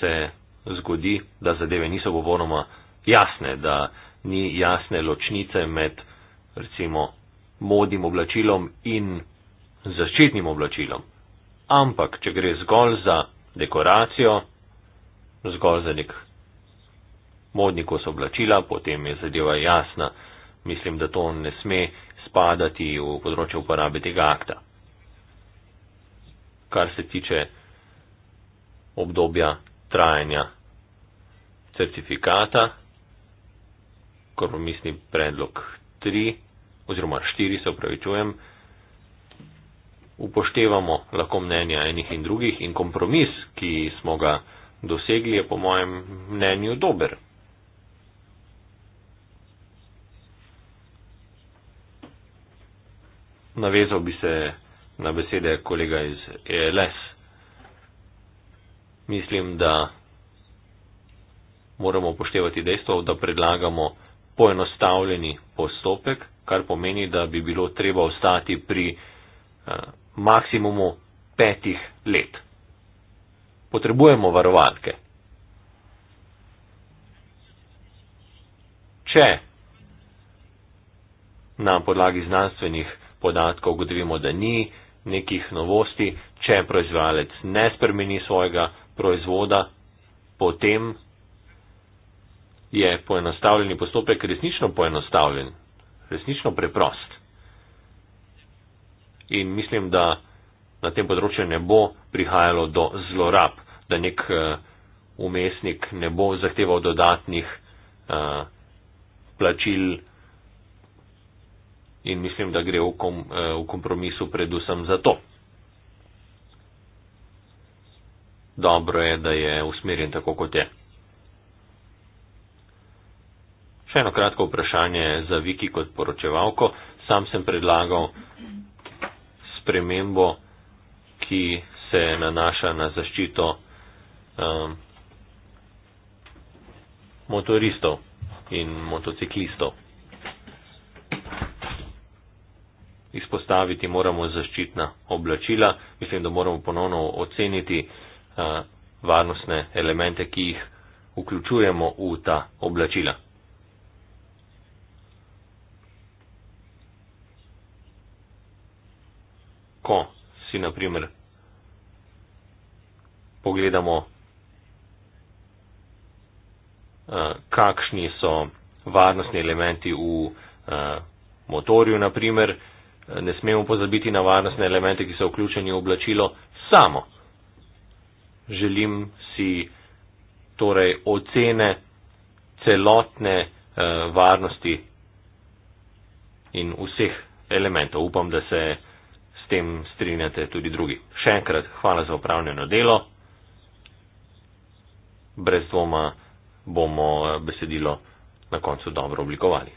se zgodi, da zadeve niso govoroma jasne, da ni jasne ločnice med recimo modnim oblačilom in zaščitnim oblačilom. Ampak, če gre zgolj za dekoracijo, zgolj za nek modni kos oblačila, potem je zadeva jasna. Mislim, da to ne sme spadati v področje uporabe tega akta. Kar se tiče obdobja trajanja certifikata, kompromisni predlog 3 oziroma 4 se upravičujem, upoštevamo lahko mnenja enih in drugih in kompromis, ki smo ga dosegli, je po mojem mnenju dober. Navezal bi se na besede kolega iz ELS mislim, da moramo upoštevati dejstvo, da predlagamo poenostavljeni postopek, kar pomeni, da bi bilo treba ostati pri eh, maksimumu petih let. Potrebujemo varovalke. Če na podlagi znanstvenih podatkov ugotovimo, da ni nekih novosti, če proizvajalec ne spremeni svojega proizvoda, potem je poenostavljeni postopek resnično poenostavljen, resnično preprost. In mislim, da na tem področju ne bo prihajalo do zlorab, da nek eh, umestnik ne bo zahteval dodatnih eh, plačil. In mislim, da gre v, kom, eh, v kompromisu predvsem za to. dobro je, da je usmerjen tako, kot je. Še eno kratko vprašanje za Viki kot poročevalko. Sam sem predlagal spremembo, ki se nanaša na zaščito um, motoristov in motociklistov. Izpostaviti moramo zaščitna oblačila. Mislim, da moramo ponovno oceniti varnostne elemente, ki jih vključujemo v ta oblačila. Ko si na primer pogledamo, kakšni so varnostni elementi v motorju, na primer, ne smemo pozabiti na varnostne elemente, ki so vključeni v oblačilo samo želim si torej ocene celotne uh, varnosti in vseh elementov. Upam, da se s tem strinjate tudi drugi. Še enkrat hvala za upravljeno delo. Brez dvoma bomo eh, besedilo na koncu dobro oblikovali.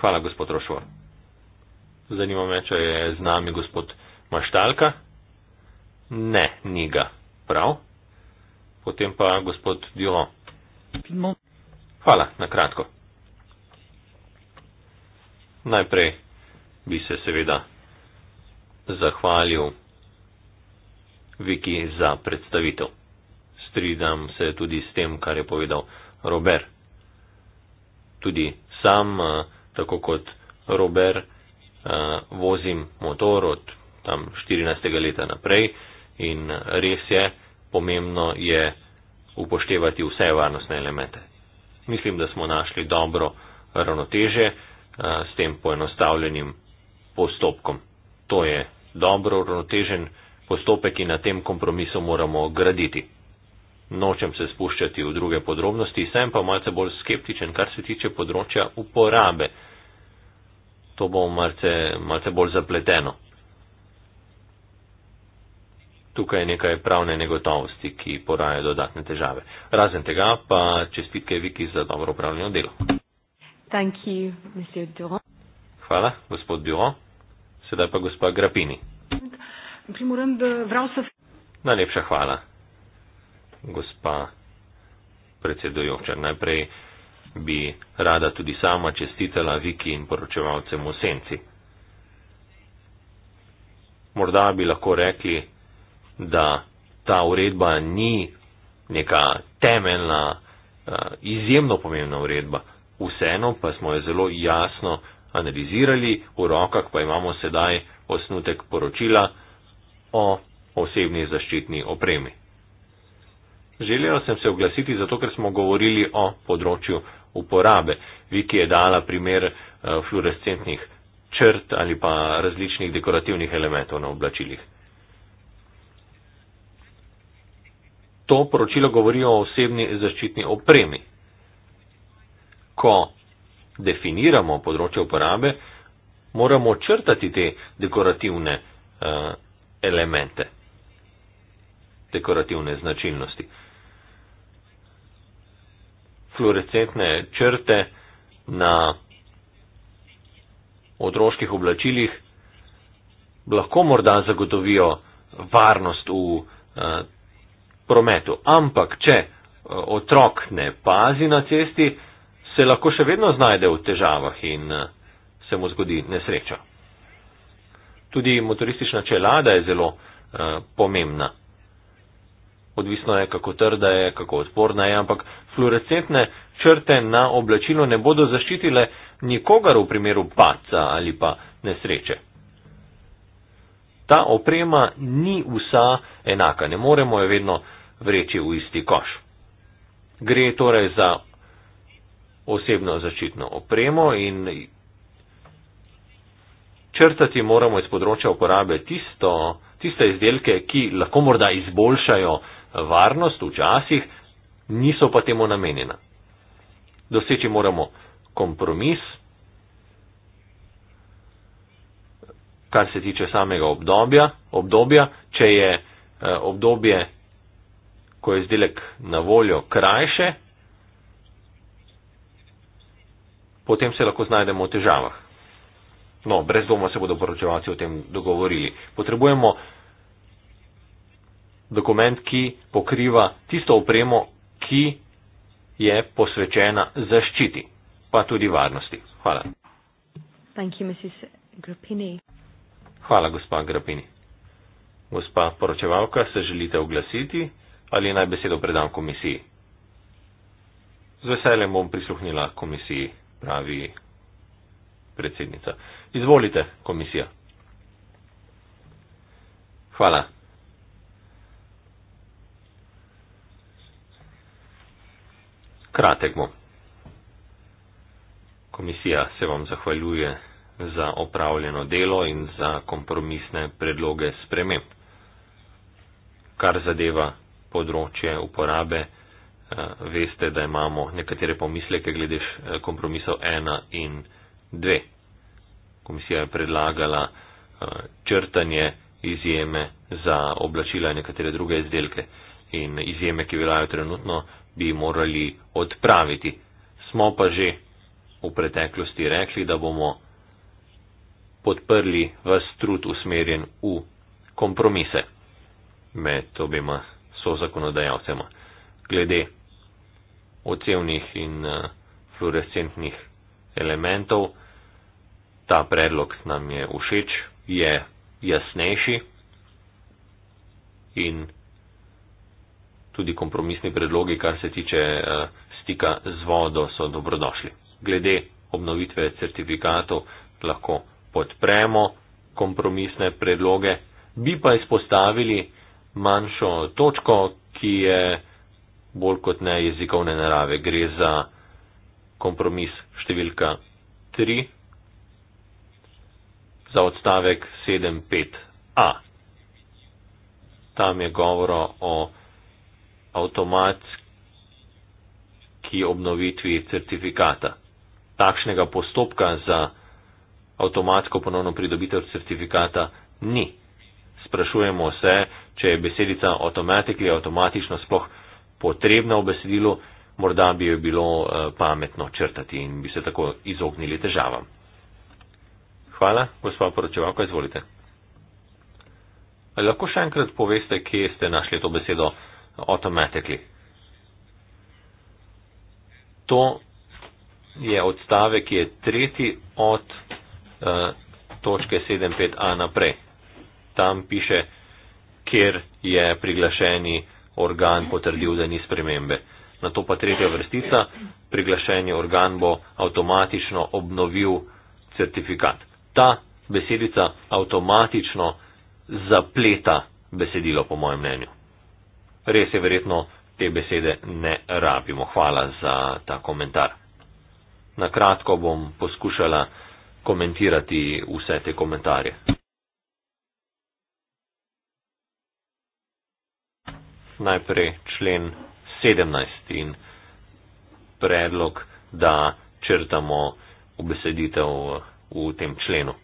Hvala, gospod Rošvor. Zanima me, če je z nami gospod Maštalka. Ne, ni ga. Prav? Potem pa gospod Dio. Hvala, na kratko. Najprej bi se seveda zahvalil Viki za predstavitev. Stridam se tudi s tem, kar je povedal Robert. Tudi sam, eh, tako kot Robert, eh, vozim motor od tam 14. leta naprej. In res je, pomembno je upoštevati vse varnostne elemente. Mislim, da smo našli dobro ravnoteže eh, s tem poenostavljenim postopkom. To je dobro ravnotežen postopek in na tem kompromisu moramo graditi. Nočem se spuščati v druge podrobnosti, sem pa malce bolj skeptičen, kar se tiče področja uporabe. To bo malce, malce bolj zapleteno tukaj je nekaj pravne negotovosti, ki porajajo dodatne težave. Razen tega pa čestitke Viki za dobro upravljeno delo. You, Hvala, gospod Biro. Sedaj pa gospa Grapini. Najlepša hvala, gospa predsedujoča. Najprej bi rada tudi sama čestitela Viki in poročevalcem v senci. Morda bi lahko rekli, da ta uredba ni neka temeljna, eh, izjemno pomembna uredba. Vseeno pa smo jo zelo jasno analizirali, v rokah pa imamo sedaj osnutek poročila o osebni zaščitni opremi. Želela sem se oglasiti zato, ker smo govorili o področju uporabe. Viki je dala primer eh, fluorescentnih črt ali pa različnih dekorativnih elementov na oblačilih. to poročilo govori o osebni zaščitni opremi. Ko definiramo področje uporabe, moramo črtati te dekorativne uh, elemente, dekorativne značilnosti. Fluorescentne črte na otroških oblačilih lahko morda zagotovijo varnost v uh, prometu. Ampak, če eh, otrok ne pazi na cesti, se lahko še vedno znajde v težavah in eh, se mu zgodi nesreča. Tudi motoristična čelada je zelo eh, pomembna. Odvisno je, kako trda je, kako odporna je, ampak fluorescentne črte na oblačilu ne bodo zaščitile nikogar v primeru paca ali pa nesreče. Ta oprema ni vsa enaka, ne moremo jo vedno uh, vreči v isti koš. Gre torej za osebno zaščitno opremo in črtati moramo iz področja uporabe tisto, tiste izdelke, ki lahko morda izboljšajo varnost včasih, niso pa temu namenjena. Doseči moramo kompromis, kar se tiče samega obdobja, obdobja če je eh, obdobje ko je izdelek na voljo krajše, potem se lahko znajdemo v težavah. No, brez dvoma se bodo poročevalci o tem dogovorili. Potrebujemo dokument, ki pokriva tisto opremo, ki je posvečena zaščiti, pa tudi varnosti. Hvala. Thank you, Mrs. Grappini. Hvala, gospa Grappini. Gospa poročevalka, se želite oglasiti? ali naj besedo predam komisiji. Z veseljem bom prisluhnila komisiji, pravi predsednica. Izvolite, komisija. Hvala. Kratek bom. Komisija se vam zahvaljuje za opravljeno delo in za kompromisne predloge sprememb. Kar zadeva področje uporabe, eh, veste, da imamo nekatere pomisleke glede eh, kompromisov 1 in 2. Komisija je predlagala eh, črtanje izjeme za oblačila in nekatere druge izdelke in izjeme, ki veljajo trenutno, bi morali odpraviti. Smo pa že v preteklosti rekli, da bomo podprli vas trud usmerjen v kompromise med obima so zakonodajalcema. Glede ocevnih in eh, fluorescentnih elementov, ta predlog nam je všeč, je jasnejši in tudi kompromisni predlogi, kar se tiče eh, stika z vodo, so dobrodošli. Glede obnovitve certifikatov lahko podpremo kompromisne predloge, bi pa izpostavili, manjšo točko, ki je bolj kot ne jezikovne narave. Gre za kompromis številka 3 za odstavek 7.5a. Tam je govoro o avtomatski obnovitvi certifikata. Takšnega postopka za avtomatsko ponovno pridobitev certifikata ni. Sprašujemo se, če je besedica automatically avtomatično sploh potrebna v besedilu, morda bi jo bilo eh, pametno črtati in bi se tako izognili težavam. Hvala, gospod poročevalka, izvolite. Ali lahko še enkrat poveste, kje ste našli to besedo automatically? To je odstavek, ki je tretji od uh, točke 75a naprej. Tam piše, uh, kjer je priglašeni organ potrdil, da ni spremembe. Na to pa tretja vrstica, priglašeni organ bo avtomatično obnovil certifikat. Ta besedica avtomatično zapleta besedilo, po mojem mnenju. Res je verjetno, te besede ne rabimo. Hvala za ta komentar. Na kratko bom poskušala komentirati vse te komentarje. najprej člen 17 in predlog, da črtamo obesditev v tem členu.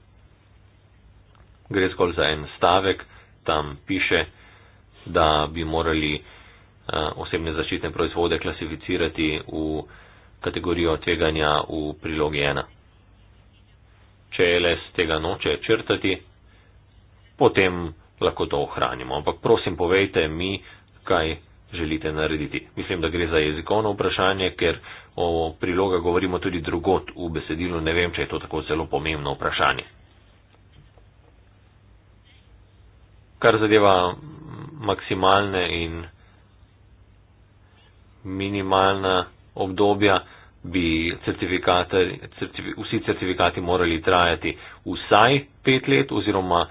Gre zgolj za en stavek, tam piše, da bi morali eh, osebne zaščitne proizvode klasificirati v kategorijo tveganja v prilogi 1. Če LS tega noče črtati, potem lahko to ohranimo. Ampak prosim, povejte mi, kaj želite narediti. Mislim, da gre za jezikovno vprašanje, ker o priloga govorimo tudi drugot v besedilu. Ne vem, če je to tako zelo pomembno vprašanje. Kar zadeva maksimalne in minimalna obdobja, bi certifikate, certif, vsi certifikati morali trajati vsaj pet let oziroma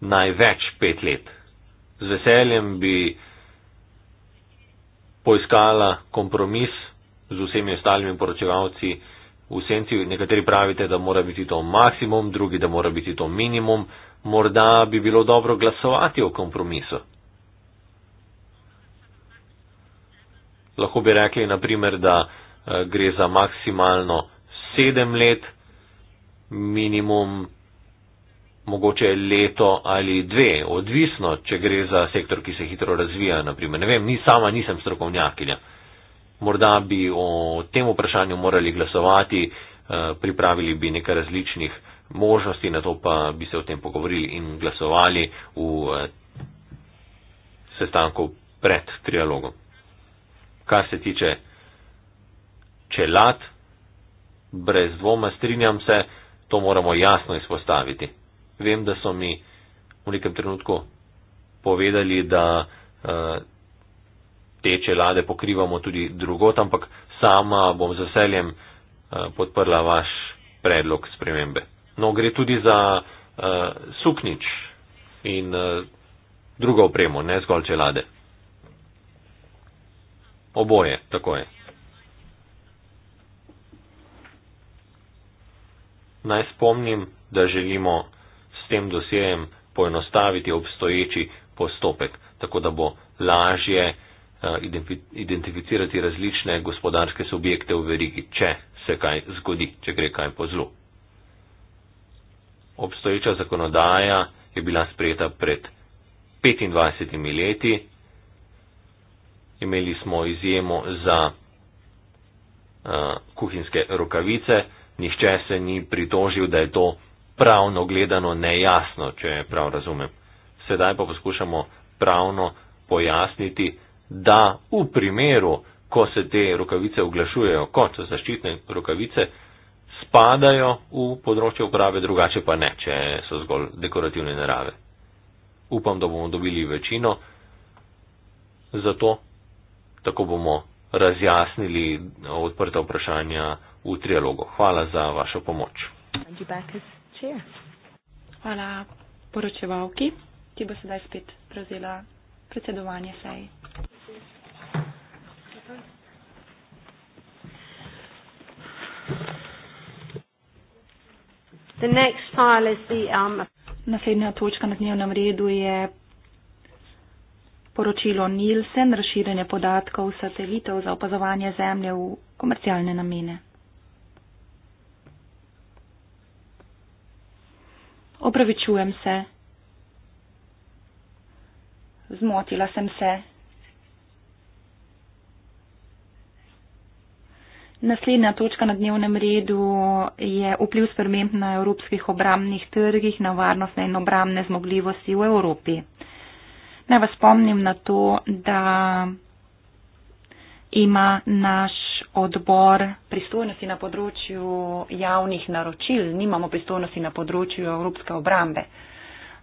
največ pet let. Z veseljem bi uh, poiskala kompromis z vsemi ostalimi poročevalci v senci. Nekateri pravite, da mora biti to maksimum, drugi, da mora biti to minimum. Morda bi bilo dobro glasovati o kompromisu. Lahko bi rekli, naprimer, da eh, gre za maksimalno sedem let, minimum mogoče leto ali dve, odvisno, če gre za sektor, ki se hitro razvija, naprimer. Ne vem, ni, sama nisem strokovnjakinja. Morda bi o tem vprašanju morali glasovati, eh, pripravili bi nekaj različnih možnosti, na to pa bi se o tem pogovorili in glasovali v eh, sestanku pred trialogom. Kar se tiče čelat, brez dvoma strinjam se, to moramo jasno izpostaviti. Vem, da so mi v nekem trenutku povedali, da eh, te čelade pokrivamo tudi drugot, ampak sama bom z veseljem eh, podprla vaš predlog spremembe. No, gre tudi za uh, eh, suknič in uh, drugo opremo, ne zgolj čelade. Oboje, tako je. Naj spomnim, da želimo tem dosjejem poenostaviti obstoječi postopek, tako da bo lažje eh, identificirati različne gospodarske subjekte v verigi, če se kaj zgodi, če gre kaj po zlu. Obstoječa zakonodaja je bila sprejeta pred 25 leti. Imeli smo izjemo za uh, eh, kuhinske rokavice, nihče se ni pritožil, da je to pravno gledano nejasno, če prav razumem. Sedaj pa poskušamo pravno pojasniti, da v primeru, ko se te rokavice oglašujejo kot zaščitne rokavice, spadajo v področje uprave, drugače pa ne, če so zgolj dekorativne narave. Upam, da bomo dobili večino za to, tako bomo razjasnili odprta vprašanja v trialogu. Hvala za vašo pomoč. And you back us če je. Hvala poročevalki, ki bo sedaj spet prevzela predsedovanje sej. The next file is the, um, Naslednja točka na dnevnem redu je poročilo Nielsen, razširjanje podatkov satelitov za opazovanje zemlje v komercialne namene. opravičujem se. Zmotila sem se. Naslednja točka na dnevnem redu je vpliv sprememb na evropskih obramnih trgih, na varnostne in obramne zmogljivosti v Evropi. Naj vas spomnim na to, da ima naš odbor pristojnosti na področju javnih naročil, nimamo pristojnosti na področju evropske obrambe.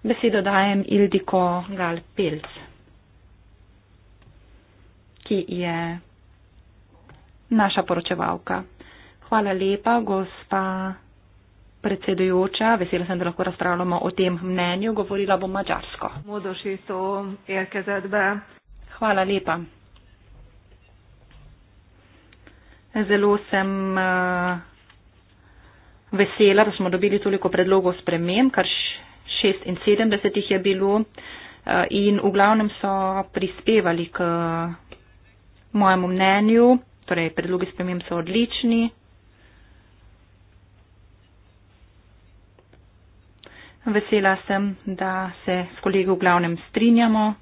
Besedo dajem Ildiko Galpelc, ki je naša poročevalka. Hvala lepa, gospa predsedujoča. Vesela sem, da lahko razpravljamo o tem mnenju. Govorila bom mačarsko. Hvala lepa. Zelo sem uh, vesela, da smo dobili toliko predlogov sprememb, kar 76 jih je bilo uh, in v glavnem so prispevali k mojemu mnenju, torej predlogi sprememb so odlični. Vesela sem, da se s kolegi v glavnem strinjamo.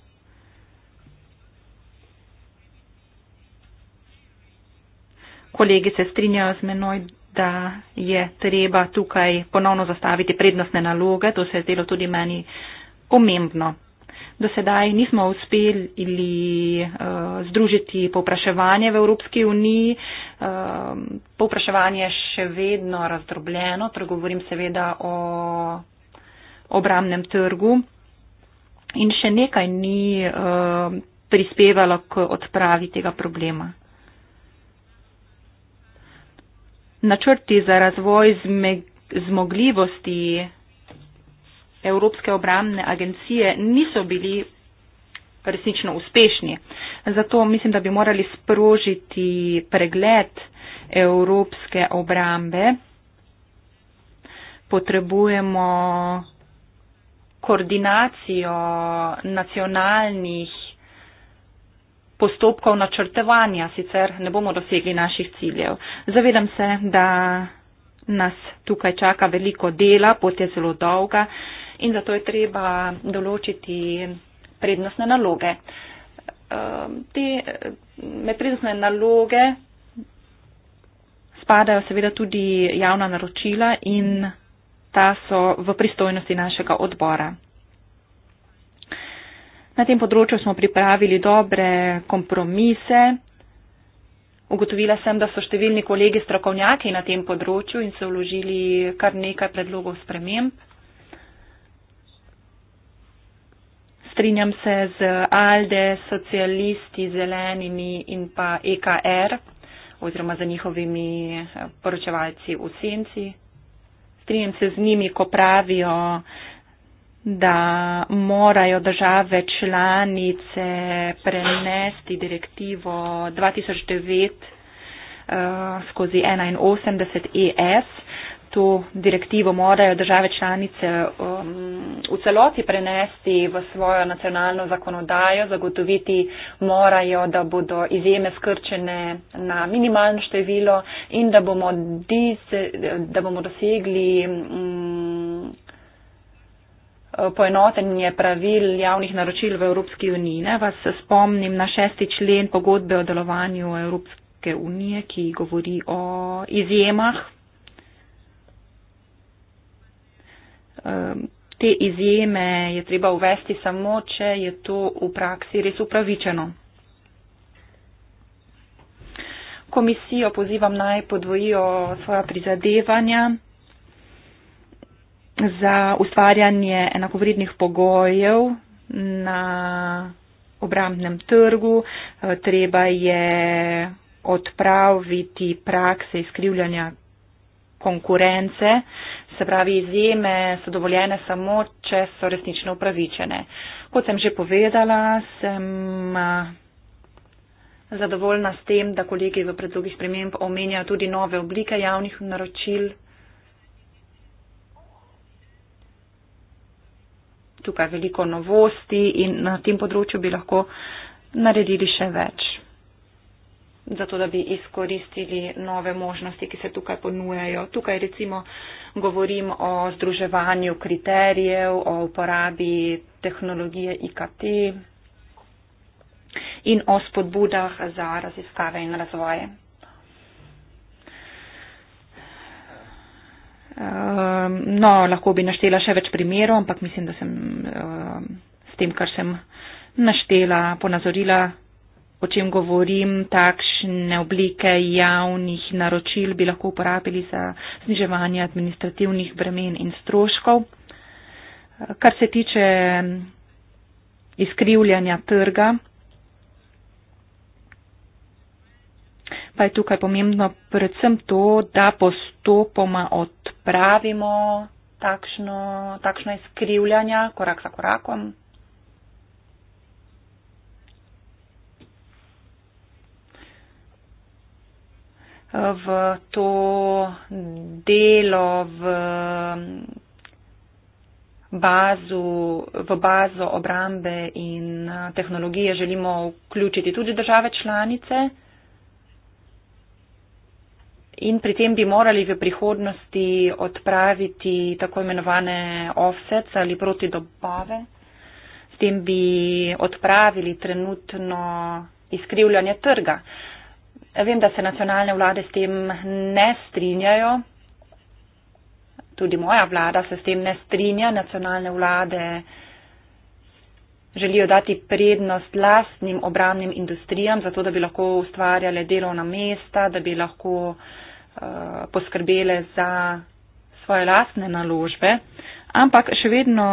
kolegi se strinjajo z menoj, da je treba tukaj ponovno zastaviti prednostne naloge. To se je zdelo tudi meni pomembno. Do sedaj nismo uspeli uh, združiti povpraševanje v Evropski uniji. Uh, povpraševanje je še vedno razdrobljeno, pregovorim torej seveda o obramnem trgu. In še nekaj ni uh, prispevalo k odpravi tega problema. načrti za razvoj zmogljivosti Evropske obramne agencije niso bili resnično uspešni. Zato mislim, da bi morali sprožiti pregled Evropske obrambe. Potrebujemo koordinacijo nacionalnih postopkov načrtevanja, sicer ne bomo dosegli naših ciljev. Zavedam se, da nas tukaj čaka veliko dela, pot je zelo dolga in zato je treba določiti prednostne naloge. Ehm, te med prednostne naloge spadajo seveda tudi javna naročila in ta so v pristojnosti našega odbora. Na tem področju smo pripravili dobre kompromise. Ugotovila sem, da so številni kolegi strokovnjaki na tem področju in so vložili kar nekaj predlogov sprememb. Strinjam se z ALDE, socialisti, zelenimi in pa EKR oziroma za njihovimi eh, poročevalci v senci. Strinjam se z njimi, ko pravijo, da morajo države članice prenesti direktivo 2009 uh, eh, skozi 81 ES. To direktivo morajo države članice um, v celoti prenesti v svojo nacionalno zakonodajo, zagotoviti morajo, da bodo izjeme skrčene na minimalno število in da bomo, dize, da bomo dosegli um, poenotenje pravil javnih naročil v Evropski uniji. Ne? Vas spomnim na šesti člen pogodbe o delovanju Evropske unije, ki govori o izjemah. Ehm, te izjeme je treba uvesti samo, če je to v praksi res upravičeno. Komisijo pozivam naj podvojijo svoja prizadevanja za ustvarjanje enakovrednih pogojev na obrambnem trgu. Eh, treba je odpraviti prakse izkrivljanja konkurence, se pravi izjeme so dovoljene samo, če so resnično upravičene. Kot sem že povedala, sem eh, zadovoljna s tem, da kolegi v predlogih sprememb omenjajo tudi nove oblike javnih naročil. tukaj veliko novosti in na tem področju bi lahko naredili še več, zato da bi izkoristili nove možnosti, ki se tukaj ponujajo. Tukaj recimo govorim o združevanju kriterijev, o uporabi tehnologije IKT in o spodbudah za raziskave in razvoje. Ehm, no, lahko bi naštela še več primerov, ampak mislim, da sem ehm, s tem, kar sem naštela, ponazorila, o čem govorim, takšne oblike javnih naročil bi lahko uporabili za zniževanje administrativnih bremen in stroškov. Kar se tiče ehm, izkrivljanja trga, pa je tukaj pomembno predvsem to, da postopoma odpravimo takšno, takšno izkrivljanje korak za korakom. V to delo v bazo, v bazo obrambe in eh, tehnologije želimo vključiti tudi države članice in pri tem bi morali v prihodnosti odpraviti tako imenovane offsets ali protidobave. S tem bi odpravili trenutno izkrivljanje trga. Vem, da se nacionalne vlade s tem ne strinjajo. Tudi moja vlada se s tem ne strinja. Nacionalne vlade želijo dati prednost lastnim obramnim industrijam, zato da bi lahko ustvarjale delovna mesta, da bi lahko uh, Eh, poskrbele za svoje lastne naložbe, ampak še vedno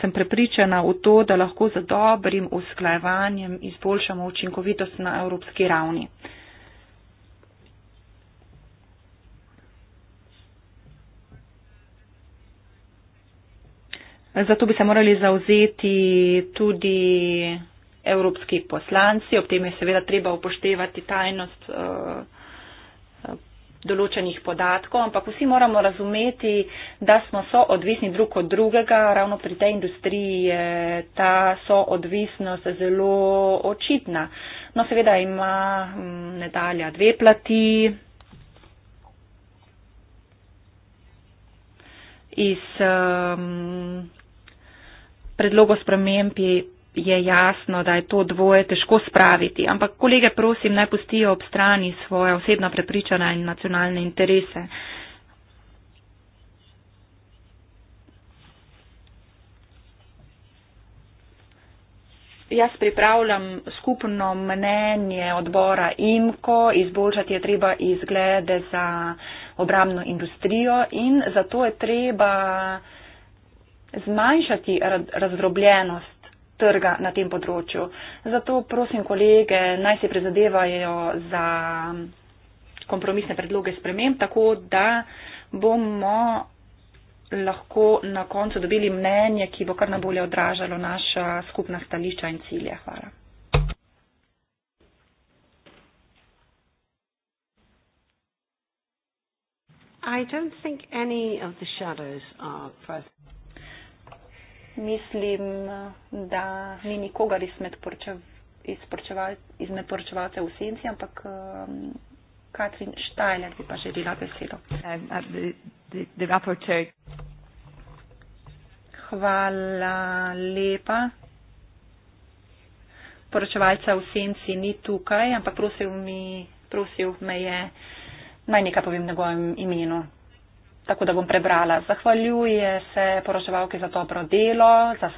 sem prepričana v to, da lahko z dobrim usklajevanjem izboljšamo učinkovitost na evropski ravni. Zato bi se morali zauzeti tudi evropski poslanci, ob tem je seveda treba upoštevati tajnost. Uh, določenih podatkov, ampak vsi moramo razumeti, da smo soodvisni drug od drugega. Ravno pri tej industriji je ta soodvisnost zelo očitna. No, seveda ima medalja mm, dve plati. Iz um, mm, predlogo spremembi je jasno, da je to dvoje težko spraviti, ampak kolege prosim, naj pustijo ob strani svoje osebno prepričanje in nacionalne interese. Jaz pripravljam skupno mnenje odbora IMKO, izboljšati je treba izglede za obramno industrijo in zato je treba zmanjšati razdrobljenost trga na tem področju. Zato prosim kolege, naj se prizadevajo za kompromisne predloge sprememb, tako da bomo lahko na koncu dobili mnenje, ki bo kar najbolje odražalo naša skupna stališča in cilje. Hvala. I don't think any of the shadows are present mislim, da ni nikogar izmed, poročev, izporčeval, izmed poročevalcev v senci, ampak um, Katrin Štajler bi pa želela besedo. Hvala lepa. Poročevalca v senci ni tukaj, ampak prosil, mi, prosil me je, naj nekaj povem njegovem imenu tako da bom prebrala. Zahvaljuje se poroževalki za dobro delo, za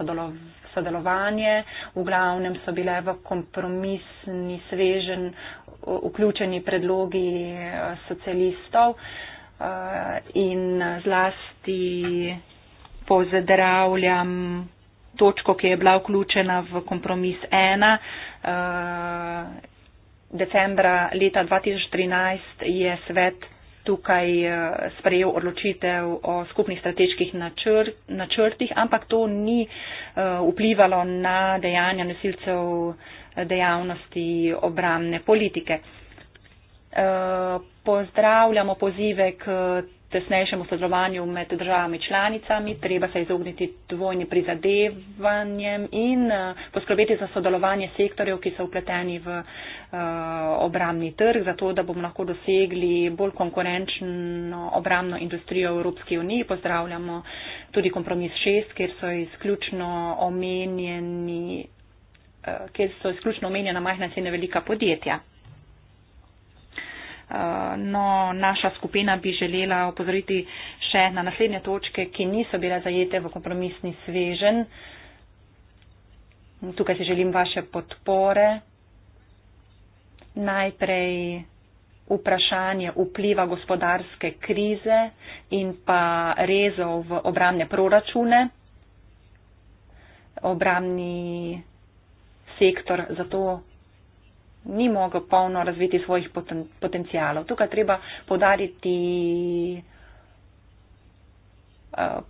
sodelovanje. V glavnem so bile v kompromisni svežen vključeni predlogi eh, socialistov eh, in zlasti pozdravljam točko, ki je bila vključena v kompromis 1. Eh, decembra leta 2013 je svet tukaj eh, sprejel odločitev o skupnih strateških načrtih, ampak to ni eh, vplivalo na dejanja nosilcev eh, dejavnosti obramne politike. Pozdravljamo pozive k tesnejšemu sodelovanju med državami članicami, treba se izogniti dvojnim prizadevanjem in eh, poskrbeti za sodelovanje sektorjev, ki so upleteni v eh, obramni trg, zato da bomo lahko dosegli bolj konkurenčno obramno industrijo v Evropski uniji. Pozdravljamo tudi kompromis 6, kjer so izključno omenjeni eh, kjer so izključno omenjena majhna in srednja velika podjetja. No, naša skupina bi želela opozoriti še na naslednje točke, ki niso bile zajete v kompromisni svežen. Tukaj si želim vaše podpore. Najprej vprašanje vpliva gospodarske krize in pa rezov v obramne proračune. Obramni sektor zato ni mogel polno razviti svojih poten, potencijalov. Tukaj treba podariti uh,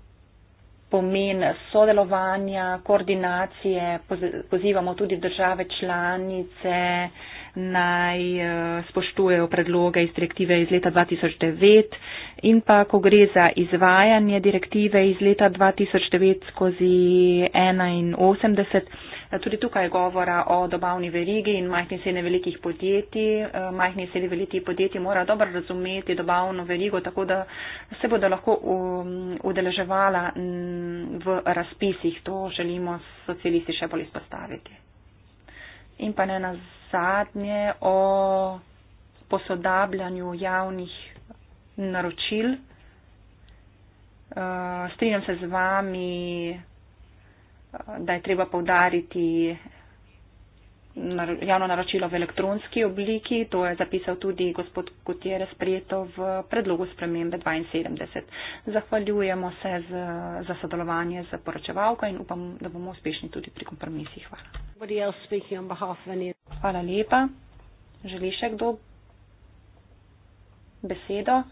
pomen sodelovanja, koordinacije, poz, pozivamo tudi države članice naj eh, spoštujejo predloge iz direktive iz leta 2009 in pa, ko gre za izvajanje direktive iz leta 2009 skozi 81, Tudi tukaj je govora o dobavni verigi in majhni sene velikih podjetij. Eh, majhni sene velikih podjetij mora dobro razumeti dobavno verigo, tako da se bodo lahko um, udeleževala mm, v razpisih. To želimo socialisti še bolj izpostaviti. In pa ne na zadnje o posodabljanju javnih naročil. Uh, strinjam se z vami, da je treba povdariti javno naročilo v elektronski obliki. To je zapisal tudi gospod Kutjere sprejeto v predlogu spremembe 72. Zahvaljujemo se z, za sodelovanje z poročevalko in upam, da bomo uspešni tudi pri kompromisih. Hvala. Hvala lepa. Želi še kdo besedo?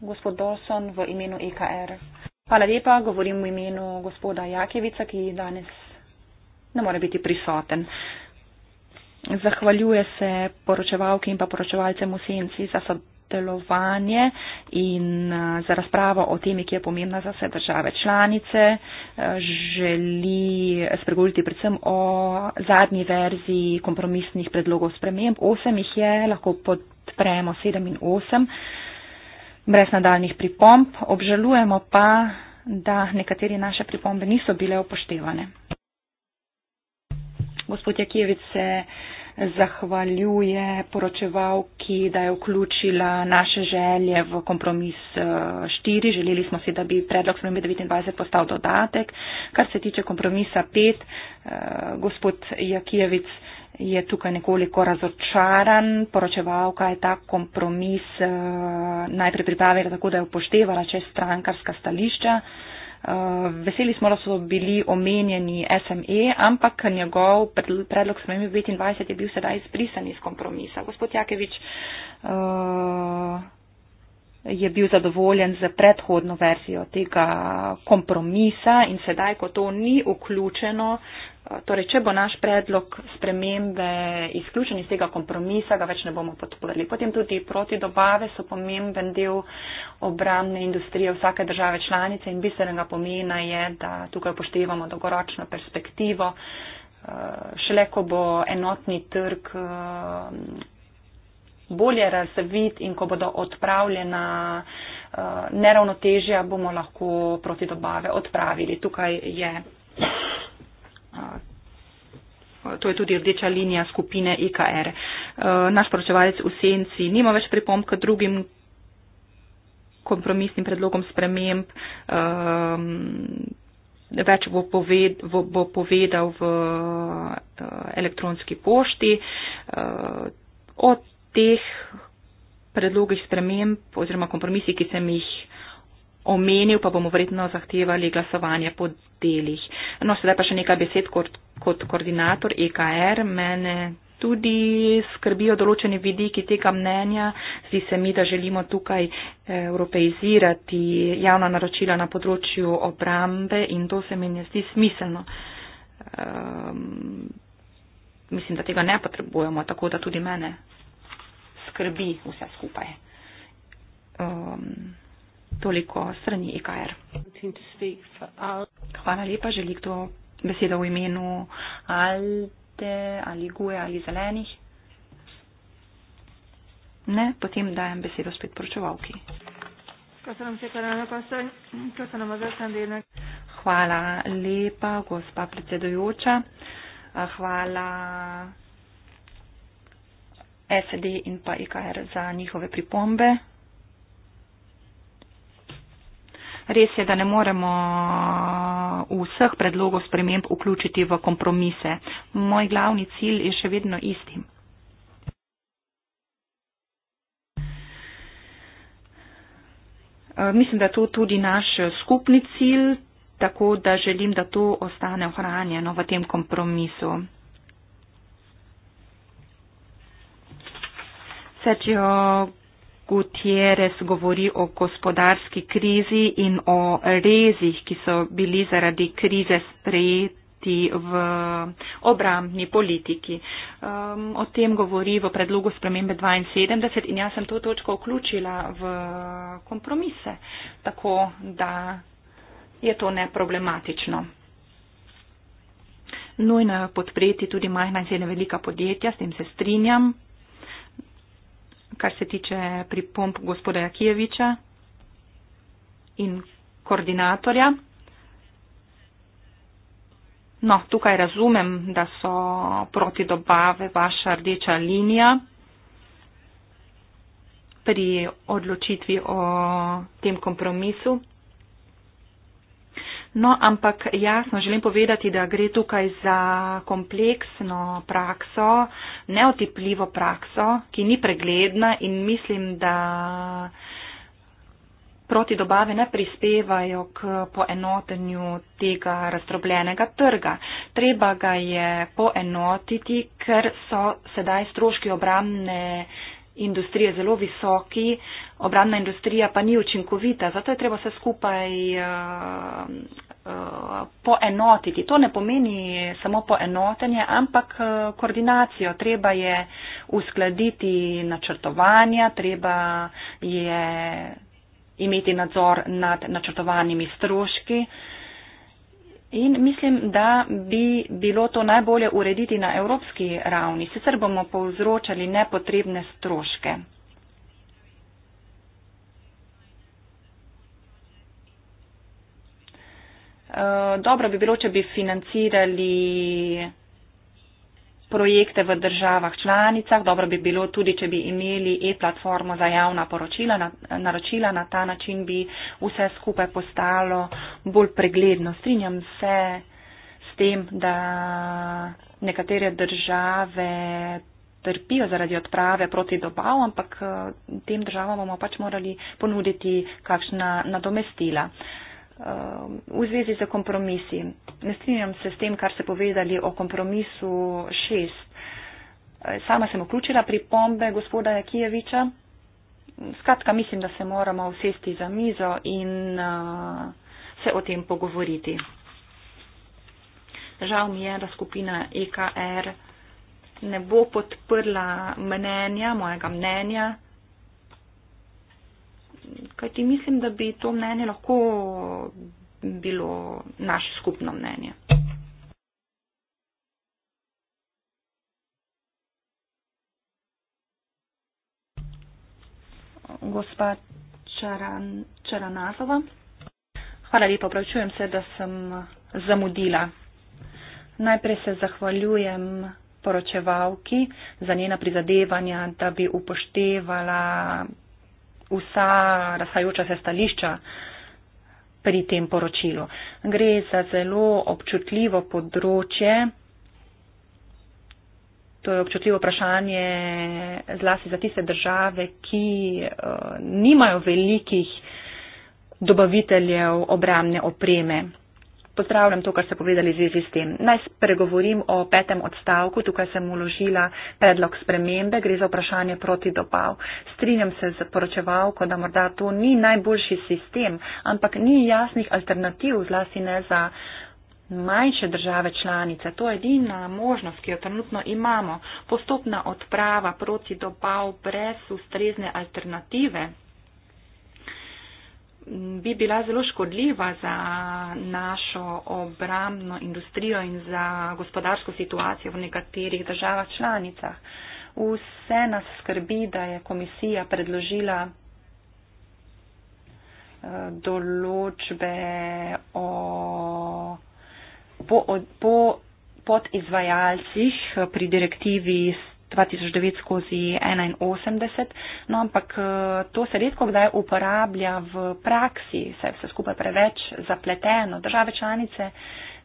Gospod Dawson v imenu EKR. Hvala lepa, govorim v imenu gospoda Jakevica, ki danes ne more biti prisoten. Zahvaljuje se poročevalki in pa poročevalcem v senci za sodelovanje in eh, za razpravo o temi, ki je pomembna za vse države članice. Eh, želi spregovoriti predvsem o zadnji verziji kompromisnih predlogov sprememb. Osem jih je, lahko podpremo sedem in osem brez nadaljnih pripomb, obžalujemo pa, da nekateri naše pripombe niso bile upoštevane. Gospod Jakijevic se zahvaljuje poročevalki, da je vključila naše želje v kompromis 4. Eh, Želeli smo si, da bi predlog spremembe 29 postal dodatek. Kar se tiče kompromisa 5, eh, gospod Jakijevic je tukaj nekoliko razočaran, poročevalka je ta kompromis uh, najprej pripravila tako, da je upoštevala čez strankarska stališča. Uh, veseli smo, da so bili omenjeni SME, ampak njegov predlog smo imeli 25, je bil sedaj izbrisan iz kompromisa. Gospod Jakevič uh, je bil zadovoljen z predhodno verzijo tega kompromisa in sedaj, ko to ni vključeno, Torej, če bo naš predlog spremembe izključen iz tega kompromisa, ga več ne bomo podprli. Potem tudi proti dobave so pomemben del obramne industrije vsake države članice in bistvenega pomena je, da tukaj upoštevamo dolgoročno perspektivo. Eh, šele, ko bo enotni trg eh, bolje razvit in ko bodo odpravljena eh, neravnotežja, bomo lahko proti dobave odpravili. Tukaj je Eh, to je tudi rdeča linija skupine IKR. Eh, naš poročevalec v senci nima več pripomp k drugim kompromisnim predlogom sprememb. Eh, več bo, poved, bo povedal v elektronski pošti. O teh predlogih sprememb oziroma kompromisih, ki sem jih omenil, pa bomo verjetno zahtevali glasovanje po delih. No, sedaj pa še nekaj besed kot, kot koordinator EKR. Mene tudi skrbijo določeni vidiki tega mnenja. Zdi se mi, da želimo tukaj europeizirati eh, javna naročila na področju obrambe in to se meni zdi smiselno. Um, mislim, da tega ne potrebujemo, tako da tudi mene skrbi vse skupaj. Um, Toliko strani IKR. E Hvala lepa, želi kdo besedo v imenu Alte ali Guje ali Zelenih? Ne, potem dajem besedo spet poročevalki. Hvala lepa, gospa predsedujoča. Hvala SED in pa IKR e za njihove pripombe. Res je, da ne moremo uh, vseh predlogov sprememb vključiti v kompromise. Moj glavni cilj je še vedno isti. Uh, mislim, da je to tudi naš skupni cilj, tako da želim, da to ostane ohranjeno v tem kompromisu. Sergio, Gutierrez govori o gospodarski krizi in o rezih, ki so bili zaradi krize sprejeti v obrambni politiki. Um, o tem govori v predlogu spremembe 72 in jaz sem to točko vključila v kompromise, tako da je to neproblematično. Nujno je podpreti tudi majhna in srednja velika podjetja, s tem se strinjam kar se tiče pripomp gospoda Jakijeviča in koordinatorja. No, tukaj razumem, da so proti dobave vaša rdeča linija pri odločitvi o tem kompromisu. No, ampak jasno želim povedati, da gre tukaj za kompleksno prakso, neotipljivo prakso, ki ni pregledna in mislim, da proti dobave ne prispevajo k poenotenju tega razdrobljenega trga. Treba ga je poenotiti, ker so sedaj stroški obramne industrije zelo visoki, obramna industrija pa ni učinkovita, zato je treba vse skupaj uh, Eh, poenotiti. To ne pomeni samo poenotenje, ampak eh, koordinacijo. Treba je uskladiti načrtovanja, treba je imeti nadzor nad načrtovanimi stroški. In mislim, da bi bilo to najbolje urediti na evropski ravni. Sicer bomo povzročali nepotrebne stroške. Eh, dobro bi bilo, če bi financirali projekte v državah članicah, dobro bi bilo tudi, če bi imeli e-platformo za javna poročila, na, naročila, na ta način bi vse skupaj postalo bolj pregledno. Strinjam se s tem, da nekatere države trpijo zaradi odprave proti dobav, ampak eh, tem državam bomo pač morali ponuditi kakšna nadomestila. Uh, Um, v zvezi z kompromisi. Ne strinjam se s tem, kar ste povedali o kompromisu šest. Eh, sama sem vključila pripombe gospoda Jakijeviča. Skratka, mislim, da se moramo usesti za mizo in uh, se o tem pogovoriti. Žal mi je, da skupina EKR ne bo podprla mnenja, mojega mnenja kajti mislim, da bi to mnenje lahko bilo naše skupno mnenje. Gospa Čaran, Čaranazova. Hvala lepa, pravčujem se, da sem zamudila. Najprej se zahvaljujem poročevalki za njena prizadevanja, da bi upoštevala vsa razhajajoča se stališča pri tem poročilu. Gre za zelo občutljivo področje. To je občutljivo vprašanje zlasti za tiste države, ki uh, nimajo velikih dobaviteljev obramne opreme pozdravljam to, kar ste povedali z vezi s tem. Naj spregovorim o petem odstavku, tukaj sem uložila predlog spremembe, gre za vprašanje proti dobav. Strinjam se z poročevalko, da morda to ni najboljši sistem, ampak ni jasnih alternativ, zlasti ne za manjše države članice. To je edina možnost, ki jo trenutno imamo. Postopna odprava proti dobav brez ustrezne alternative bi bila zelo škodljiva za našo obrambno industrijo in za gospodarsko situacijo v nekaterih državah članicah. Vse nas skrbi, da je komisija predložila eh, določbe o, po, po podizvajalcih pri direktivi 2009 skozi 81, no ampak eh, to se redko kdaj uporablja v praksi, saj vse skupaj preveč zapleteno. Države članice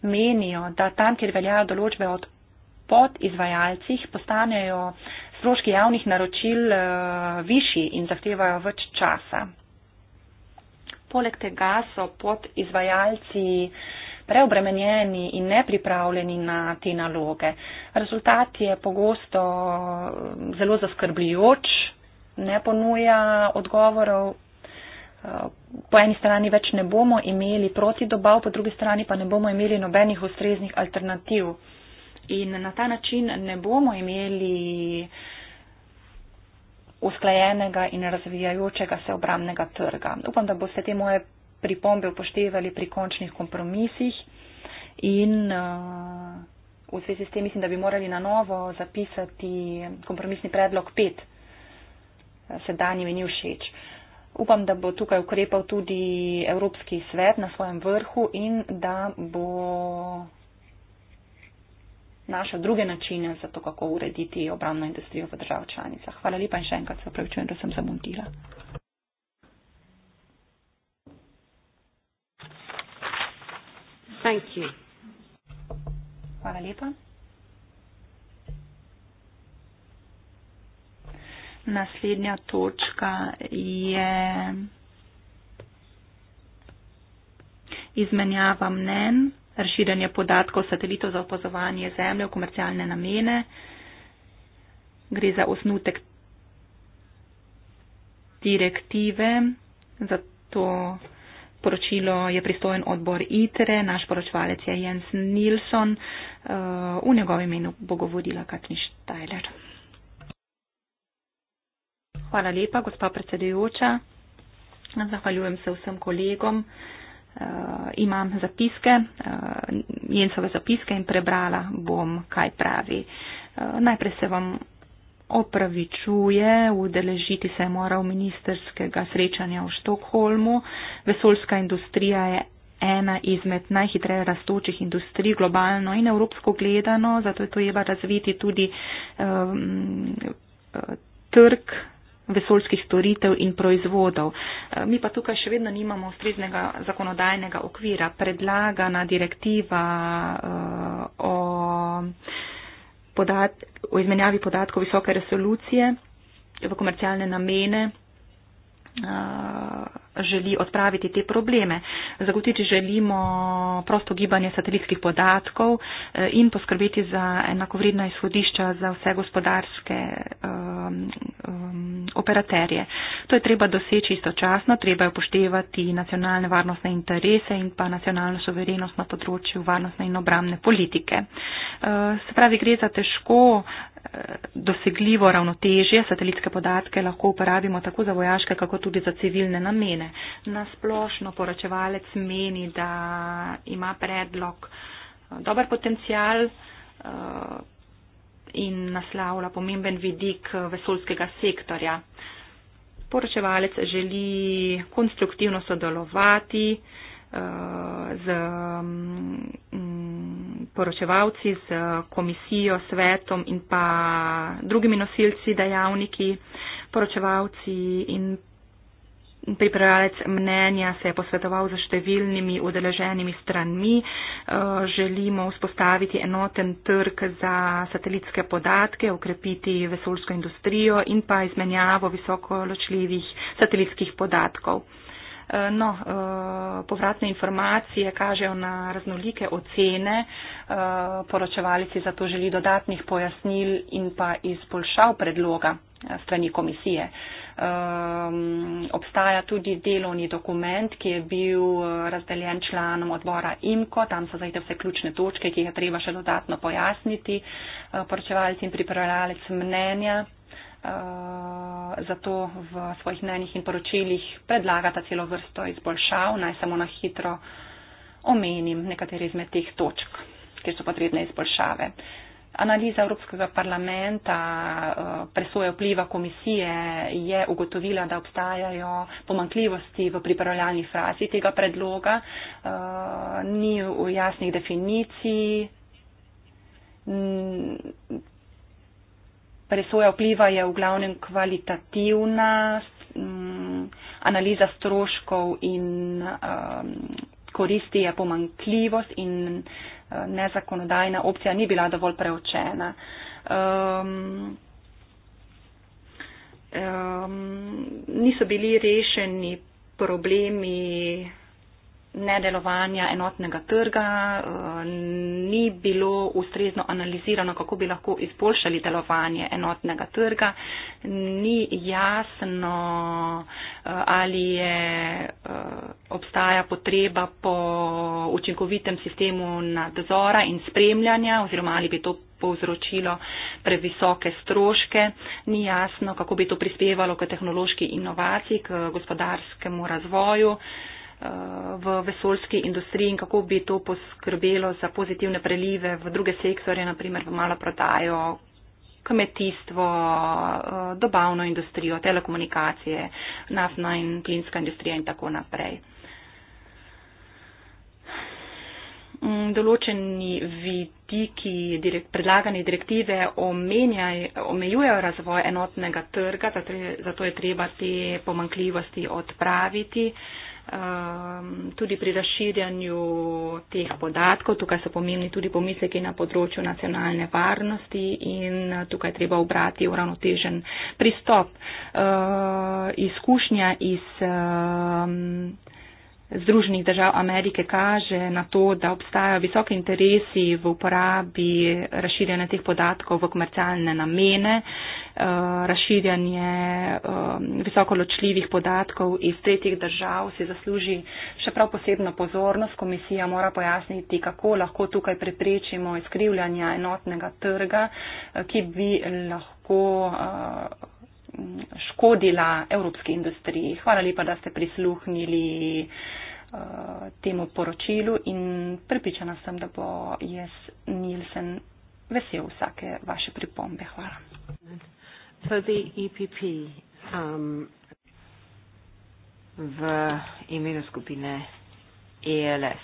menijo, da tam, kjer veljajo določbe od pod izvajalcih, postanejo stroški javnih naročil eh, višji in zahtevajo več časa. Poleg tega so pod izvajalci uh, preobremenjeni in nepripravljeni na te naloge. Rezultat je pogosto zelo zaskrbljujoč, ne ponuja odgovorov. Po eni strani več ne bomo imeli proti dobav, po drugi strani pa ne bomo imeli nobenih ustreznih alternativ. In na ta način ne bomo imeli usklajenega in razvijajočega se obramnega trga. Upam, da boste te moje pripombe upoštevali pri končnih kompromisih in uh, v zvezi s tem mislim, da bi morali na novo zapisati kompromisni predlog 5. Uh, sedanji mi ni všeč. Upam, da bo tukaj ukrepal tudi Evropski svet na svojem vrhu in da bo našel druge načine za to, kako urediti obramno industrijo v državah članicah. Hvala lepa in še enkrat se opravičujem, da sem zamontila. Thank you. Hvala lepa. Naslednja točka je izmenjava mnen, razširjanje podatkov satelitov za opazovanje zemlje v komercialne namene. Gre za osnutek direktive, zato poročilo je pristojen odbor ITRE, naš poročvalec je Jens Nilsson, eh, v njegovem imenu bo govorila Katrin Štajler. Hvala lepa, gospa predsedujoča. Zahvaljujem se vsem kolegom. Uh, imam zapiske, uh, Jensove zapiske in prebrala bom, kaj pravi. Uh, najprej se vam opravičuje, udeležiti se je moral ministerskega srečanja v Štokholmu. Vesoljska industrija je ena izmed najhitreje rastočih industrij globalno in evropsko gledano, zato je to treba razviti tudi um, trg vesoljskih storitev in proizvodov. Uh, mi pa tukaj še vedno nimamo ustreznega zakonodajnega okvira. Predlagana direktiva uh, o podat, o izmenjavi podatkov visoke resolucije v komercialne namene. Uh, želi odpraviti te probleme. Zagotoviti želimo prosto gibanje satelitskih podatkov eh, in poskrbeti za enakovredna izhodišča za vse gospodarske um, um, operaterje. To je treba doseči istočasno, treba je upoštevati nacionalne varnostne interese in pa nacionalno soverenost na področju varnostne in obramne politike. Eh, se pravi, gre za težko eh, dosegljivo ravnotežje. Satelitske podatke lahko uporabimo tako za vojaške, kako tudi za civilne namene ocene. Nasplošno poročevalec meni, da ima predlog eh, dober potencial eh, in naslavlja pomemben vidik eh, vesolskega sektorja. Poročevalec želi konstruktivno sodelovati z mm, mm, poročevalci, z komisijo, svetom in pa drugimi nosilci dejavniki. Poročevalci in Pripravljalec mnenja se je posvetoval za številnimi udeleženimi stranmi. Eh, želimo vzpostaviti enoten trg za satelitske podatke, ukrepiti vesoljsko industrijo in pa izmenjavo visokoločljivih satelitskih podatkov. Eh, no, eh, povratne informacije kažejo na raznolike ocene, poročevalci zato želi dodatnih pojasnil in pa izboljšav predloga strani komisije um, obstaja tudi delovni dokument, ki je bil uh, razdeljen članom odbora IMKO. Tam so zajete vse ključne točke, ki jih je treba še dodatno pojasniti. Uh, Poročevalec in pripravljalec mnenja. Uh, zato v svojih mnenjih in poročilih predlagata celo vrsto izboljšav. Naj samo na hitro omenim nekatere izmed teh točk, kjer so potrebne izboljšave. Uh, Analiza Evropskega parlamenta, eh, presoje vpliva komisije je ugotovila, da obstajajo pomankljivosti v pripravljalni frazi tega predloga, eh, ni v jasnih definiciji. Presoja vpliva je v glavnem kvalitativna, mm, analiza stroškov in eh, koristi je pomankljivost in nezakonodajna opcija ni bila dovolj preučena. Um, um, niso bili rešeni problemi nedelovanja enotnega trga, eh, ni bilo ustrezno analizirano, kako bi lahko izboljšali delovanje enotnega trga, ni jasno, eh, ali je, eh, obstaja potreba po učinkovitem sistemu nadzora in spremljanja oziroma ali bi to povzročilo previsoke stroške, ni jasno, kako bi to prispevalo k tehnološki inovaciji, k gospodarskemu razvoju v vesoljski industriji in kako bi to poskrbelo za pozitivne prelive v druge sektorje, naprimer v malo prodajo, kmetijstvo, eh, dobavno industrijo, telekomunikacije, naftna in plinska industrija in tako naprej. Mm, določeni vidiki predlagane direktive omejujejo razvoj enotnega trga, zato je treba te pomankljivosti odpraviti. Uh, um, tudi pri razširjanju teh podatkov. Tukaj so pomembni tudi pomisleki na področju nacionalne varnosti in uh, tukaj treba obrati uravnotežen pristop. Uh, izkušnja iz. Um, Združenih držav Amerike kaže na to, da obstajajo visoke interesi v uporabi razširjanja teh podatkov v komercialne namene, eh, razširjanje eh, visoko ločljivih podatkov iz tretjih držav si zasluži še prav posebno pozornost. Komisija mora pojasniti, kako lahko tukaj preprečimo izkrivljanja enotnega trga, eh, ki bi lahko škodila evropski industriji. Hvala lepa, da ste prisluhnili eh, temu poročilu in pripričana sem, da bo jaz Nielsen vesel vsake vaše pripombe. Hvala. EPP, e um, v imenu skupine ELS.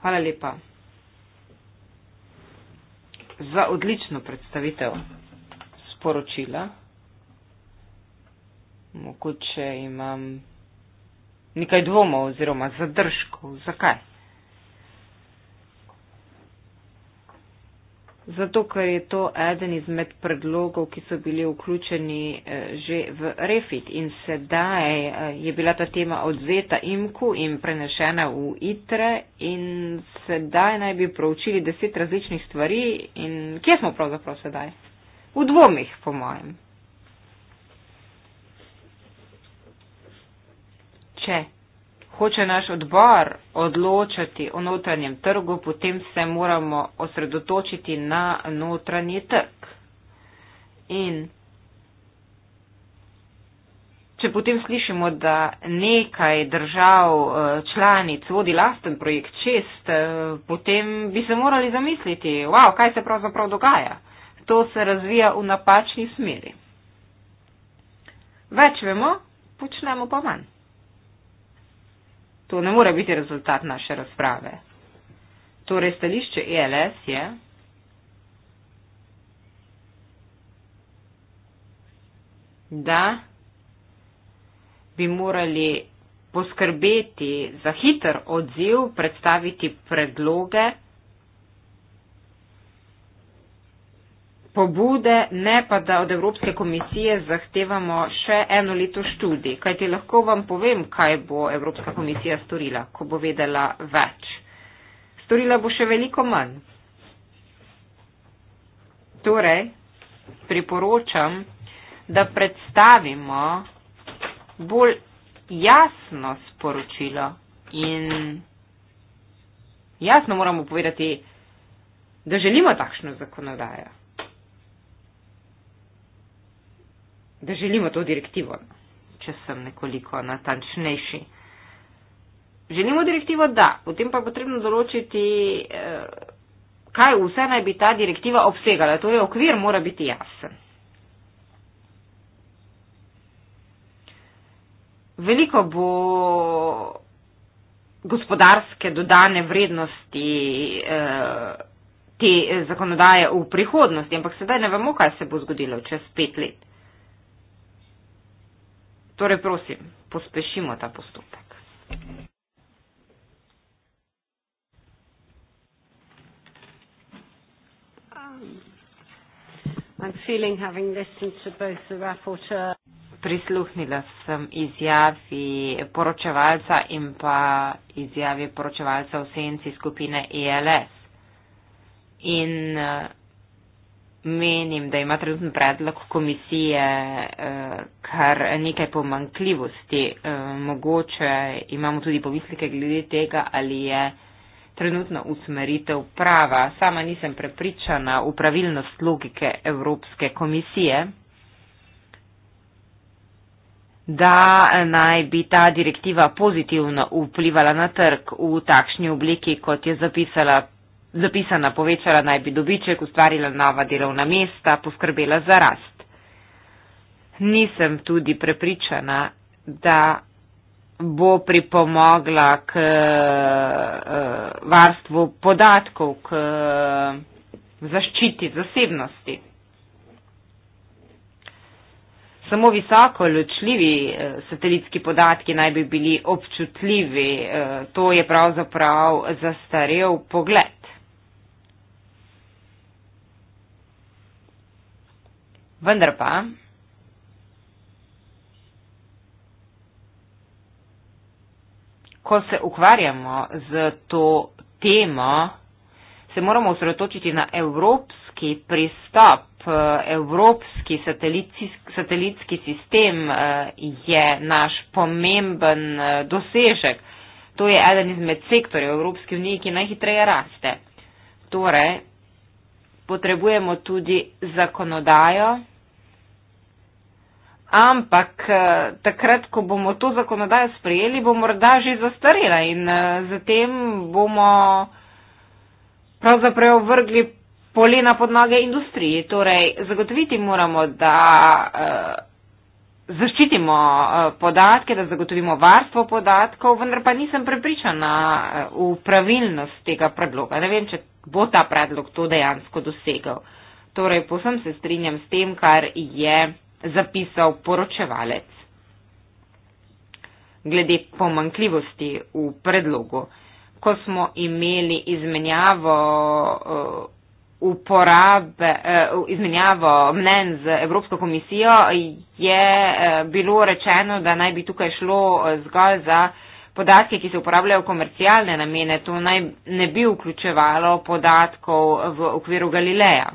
Hvala lepa za odlično predstavitev sporočila. Mogoče imam nekaj dvomov oziroma zadržkov. Zakaj? Zato, ker je to eden izmed predlogov, ki so bili vključeni eh, že v Refit in sedaj eh, je bila ta tema odzeta imku in prenešena v ITRE in sedaj naj bi proučili deset različnih stvari in kje smo pravzaprav sedaj? v dvomih, po mojem. Če hoče naš odbor odločati o notranjem trgu, potem se moramo osredotočiti na notranji trg. In če potem slišimo, da nekaj držav eh, članic vodi lasten projekt čest, eh, potem bi se morali zamisliti, wow, kaj se pravzaprav dogaja. To se razvija v napačni smeri. Več vemo, počnemo pa manj. To ne more biti rezultat naše razprave. Torej, stališče ELS je. da bi morali poskrbeti za hiter odziv, predstaviti predloge, pobude, ne pa da od Evropske komisije zahtevamo še eno leto študij. Kaj ti lahko vam povem, kaj bo Evropska komisija storila, ko bo vedela več? Storila bo še veliko manj. Torej, priporočam, da predstavimo bolj jasno sporočilo in jasno moramo povedati, da želimo takšno zakonodajo. da želimo to direktivo, če sem nekoliko natančnejši. Želimo direktivo, da, potem pa je potrebno določiti, eh, kaj vse naj bi ta direktiva obsegala. To je okvir, mora biti jasen. Veliko bo gospodarske dodane vrednosti eh, te eh, zakonodaje v prihodnosti, ampak sedaj ne vemo, kaj se bo zgodilo čez pet let. Torej, prosim, pospešimo ta postopek. Um, Prisluhnila sem izjavi poročevalca in pa izjavi poročevalca v senci skupine ELS. In uh, menim, da ima trenutni predlog komisije eh, kar nekaj pomankljivosti. Eh, mogoče imamo tudi povislike glede tega, ali je trenutna usmeritev prava. Sama nisem prepričana v pravilnost logike Evropske komisije da naj bi ta direktiva pozitivno vplivala na trg v takšni obliki, kot je zapisala Zapisana povečala naj bi dobiček, ustvarila nova delovna mesta, poskrbela za rast. Nisem tudi prepričana, da bo pripomogla k eh, varstvu podatkov, k eh, zaščiti zasebnosti. Samo visoko ločljivi eh, satelitski podatki naj bi bili občutljivi, to je pravzaprav zastarel pogled. Vendar pa, ko se ukvarjamo z to temo, se moramo osredotočiti na evropski pristop. Evropski satelitski sistem eh, je naš pomemben eh, dosežek. To je eden izmed sektorjev Evropske unije, ki najhitreje raste. Torej, potrebujemo tudi zakonodajo, ampak eh, takrat, ko bomo to zakonodajo sprejeli, bo morda že zastarela in zatem eh, bomo pravzaprav vrgli polena pod noge industriji. Torej, zagotoviti moramo, da eh, zaščitimo podatke, da zagotovimo varstvo podatkov, vendar pa nisem prepričana v pravilnost tega predloga. Ne vem, če bo ta predlog to dejansko dosegal. Torej, posem se strinjam s tem, kar je zapisal poročevalec. Glede pomankljivosti v predlogu, ko smo imeli izmenjavo, uh, uporabe, uh, izmenjavo mnen z Evropsko komisijo, je uh, bilo rečeno, da naj bi tukaj šlo zgolj za podatke, ki se uporabljajo v komercialne namene. To naj ne bi vključevalo podatkov v okviru Galileja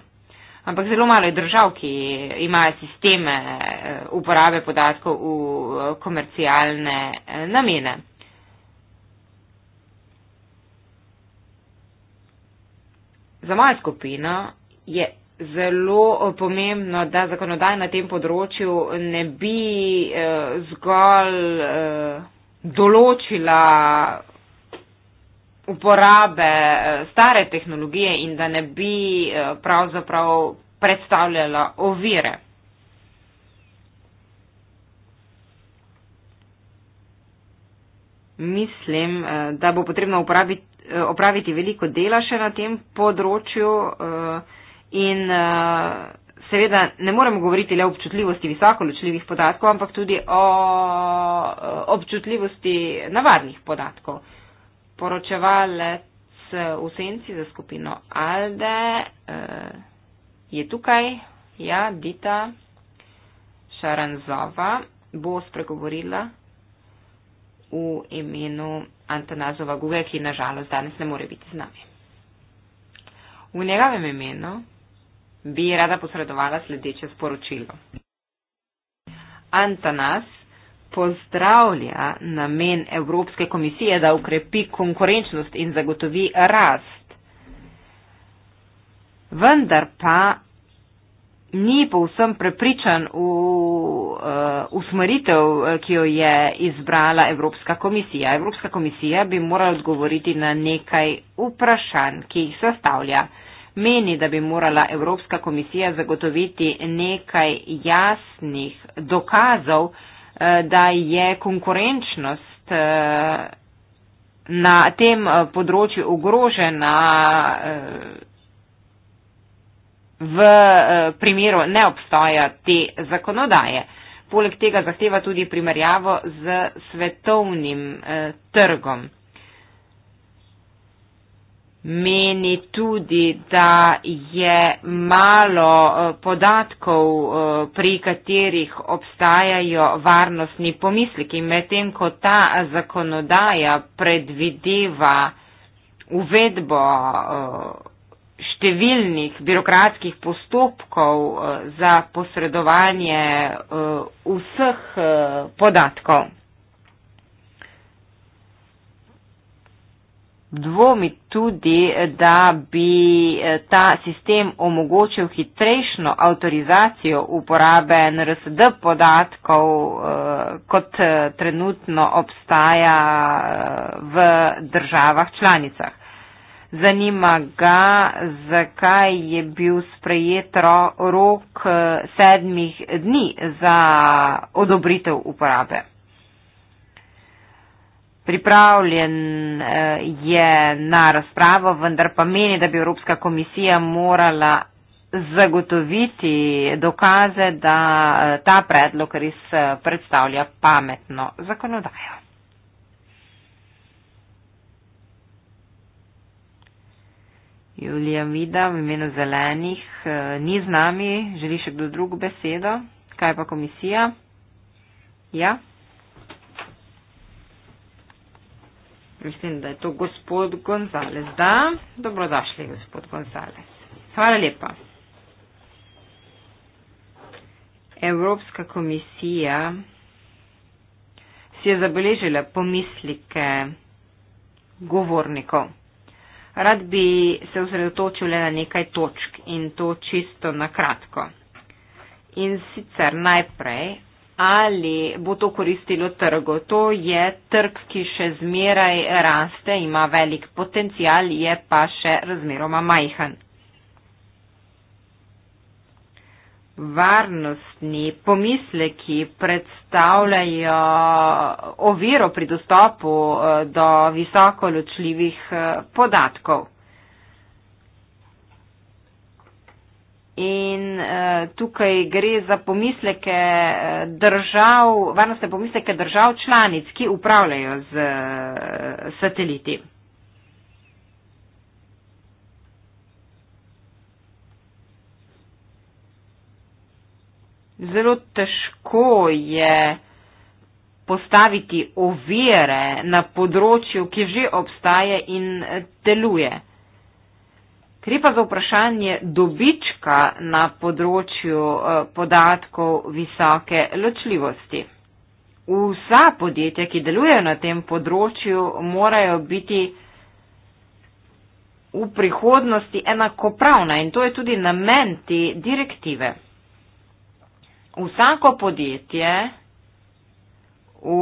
ampak zelo malo je držav, ki imajo sisteme eh, uporabe podatkov v eh, komercialne eh, namene. Za mojo skupino je zelo pomembno, da zakonodaj na tem področju ne bi zgolj določila uporabe eh, stare tehnologije in da ne bi eh, pravzaprav predstavljala ovire. Mislim, eh, da bo potrebno upraviti, opraviti veliko dela še na tem področju in seveda ne moremo govoriti le o občutljivosti visoko ločljivih podatkov, ampak tudi o občutljivosti navadnih podatkov poročevalec eh, v senci za skupino Alde uh, je tukaj, ja, Dita Šaranzova bo spregovorila v imenu Antonazova Guga, ki nažalost danes ne more biti z nami. V njegovem imenu bi rada posredovala sledeče sporočilo. Antanas pozdravlja namen Evropske komisije, da ukrepi konkurenčnost in zagotovi rast. Vendar pa ni povsem prepričan v uh, usmeritev, ki jo je izbrala Evropska komisija. Evropska komisija bi morala odgovoriti na nekaj vprašanj, ki jih sestavlja. Meni, da bi morala Evropska komisija zagotoviti nekaj jasnih dokazov, uh, Eh, da je konkurenčnost eh, na tem eh, področju ogrožena v primeru neobstoja te zakonodaje. Poleg tega zahteva tudi primerjavo z svetovnim trgom meni tudi, da je malo eh, podatkov, eh, pri katerih obstajajo varnostni pomisliki, medtem ko ta zakonodaja predvideva uvedbo eh, številnih birokratskih postopkov za posredovanje vseh podatkov. dvomi tudi, da bi eh, ta sistem omogočil hitrejšno avtorizacijo uporabe NRSD podatkov, eh, kot eh, trenutno obstaja v državah članicah. Zanima ga, zakaj je bil sprejet rok sedmih dni za odobritev uporabe pripravljen eh, je na razpravo, vendar pa meni, da bi Evropska komisija morala zagotoviti dokaze, da eh, ta predlog res eh, predstavlja pametno zakonodajo. Julija Vida v imenu zelenih ni z nami, želi še kdo drug besedo? Kaj pa komisija? Ja? Mislim, da je to gospod Gonzales. Da, dobrodošli, gospod Gonzales. Hvala lepa. Evropska komisija si je zabeležila pomislike govornikov. Rad bi se osredotočil le na nekaj točk in to čisto na kratko. In sicer najprej ali bo to koristilo trgu. To je trg, ki še zmeraj raste, ima velik potencial, je pa še razmeroma majhen. Varnostni pomisleki predstavljajo oviro pri dostopu eh, do visokoločljivih eh, podatkov. In uh, tukaj gre za pomisleke eh, držav, varnostne pomisleke držav članic, ki upravljajo z uh, sateliti. Zelo težko je postaviti ovire na področju, ki že obstaje in deluje. Uh, Gre pa za vprašanje dobička na področju eh, podatkov visoke ločljivosti. Vsa podjetja, ki delujejo na tem področju, morajo biti v prihodnosti enakopravna in to je tudi namen te direktive. Vsako podjetje v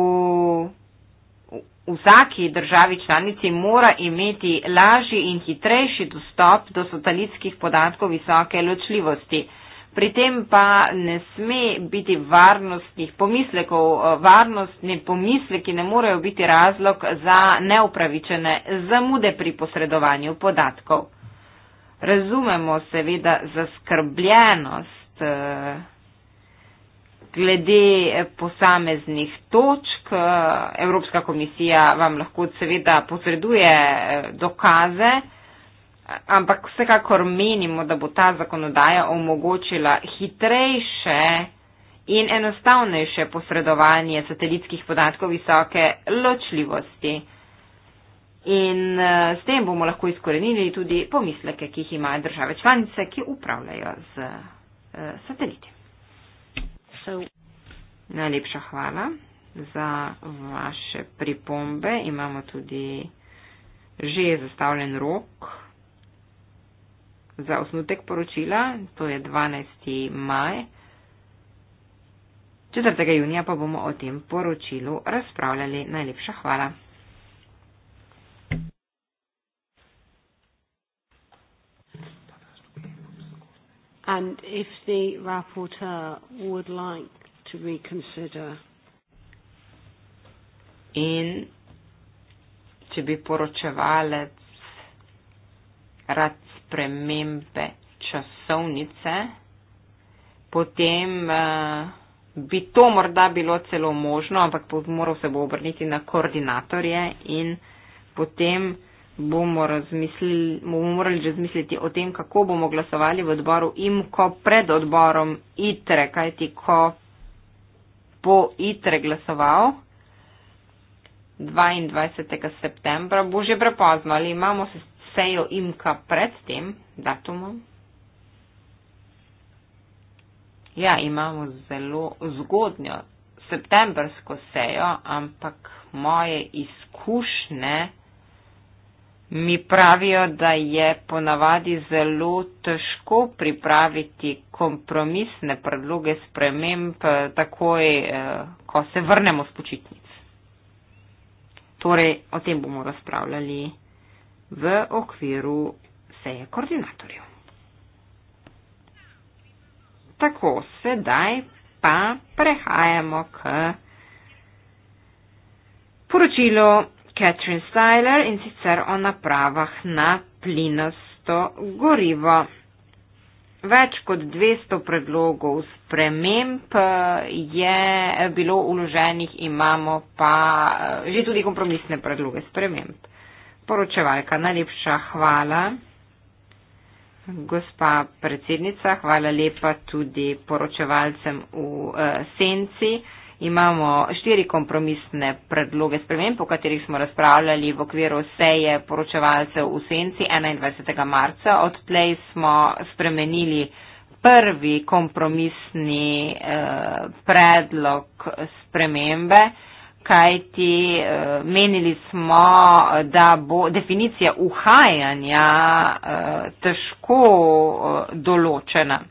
vsaki državi članici mora imeti lažji in hitrejši dostop do satelitskih podatkov visoke ločljivosti. Pri tem pa ne sme biti varnostnih pomislekov, varnostni pomisleki ne morejo biti razlog za neupravičene zamude pri posredovanju podatkov. Razumemo seveda zaskrbljenost. Eh, Glede eh, posameznih točk, eh, Evropska komisija vam lahko seveda posreduje eh, dokaze, ampak vsekakor menimo, da bo ta zakonodaja omogočila hitrejše in enostavnejše posredovanje satelitskih podatkov visoke ločljivosti. In s tem bomo lahko izkorenili tudi pomisleke, ki jih imajo države članice, ki upravljajo z sateliti misel. Najlepša hvala za vaše pripombe. Imamo tudi že zastavljen rok za osnutek poročila, to je 12. maj. 4. junija pa bomo o tem poročilu razpravljali. Najlepša hvala. And if the rapporteur would like to reconsider. In če bi poročevalec rad spremembe časovnice, potem uh, bi to morda bilo celo možno, ampak moral se bo obrniti na koordinatorje in potem bomo, razmislili, bomo morali razmisliti o tem, kako bomo glasovali v odboru in ko pred odborom ITRE, kajti ko bo ITRE glasoval 22. septembra, bo že prepozno ali imamo sejo imka pred tem datumom. Ja, imamo zelo zgodnjo septembrsko sejo, ampak moje izkušnje, Mi pravijo, da je ponavadi zelo težko pripraviti kompromisne predloge sprememb eh, takoj, eh, ko se vrnemo z počitnic. Torej, o tem bomo razpravljali v okviru seje koordinatorjev. Tako, sedaj pa prehajamo k poročilu Catherine Styler in sicer o napravah na plinasto gorivo. Več kot 200 predlogov sprememb eh, je bilo uloženih, imamo pa eh, že tudi kompromisne predloge sprememb. Poročevalka, najlepša hvala. Gospa predsednica, hvala lepa tudi poročevalcem v uh, senci imamo štiri kompromisne predloge spremem, po katerih smo razpravljali v okviru seje poročevalcev v Senci 21. marca. Odtlej smo spremenili prvi kompromisni eh, predlog spremembe, kajti eh, menili smo, da bo definicija uhajanja eh, težko določena.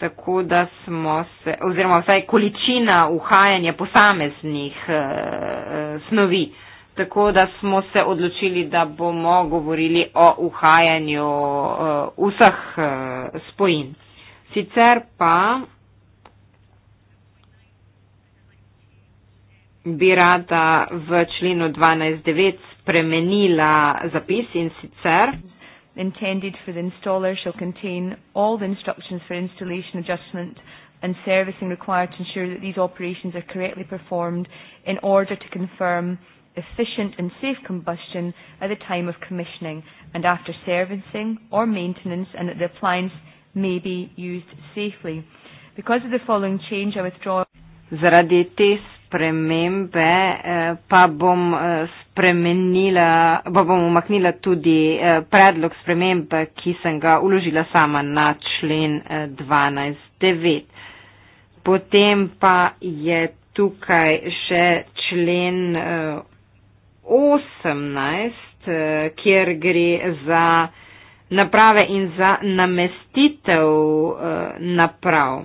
tako da smo se, oziroma vsaj količina uhajanja posameznih e, snovi, tako da smo se odločili, da bomo govorili o uhajanju e, vseh e, spojin. Sicer pa bi rada v členu 12.9 spremenila zapis in sicer intended for the installer shall contain all the instructions for installation, adjustment and servicing required to ensure that these operations are correctly performed in order to confirm efficient and safe combustion at the time of commissioning and after servicing or maintenance and that the appliance may be used safely. Because of the following change, I withdraw... Zaradi te spremembe eh, pa bom eh, spremenila, pa bom umaknila tudi eh, predlog sprememb, ki sem ga uložila sama na člen 12.9. Eh, Potem pa je tukaj še člen 18, eh, kjer gre za naprave in za namestitev naprav.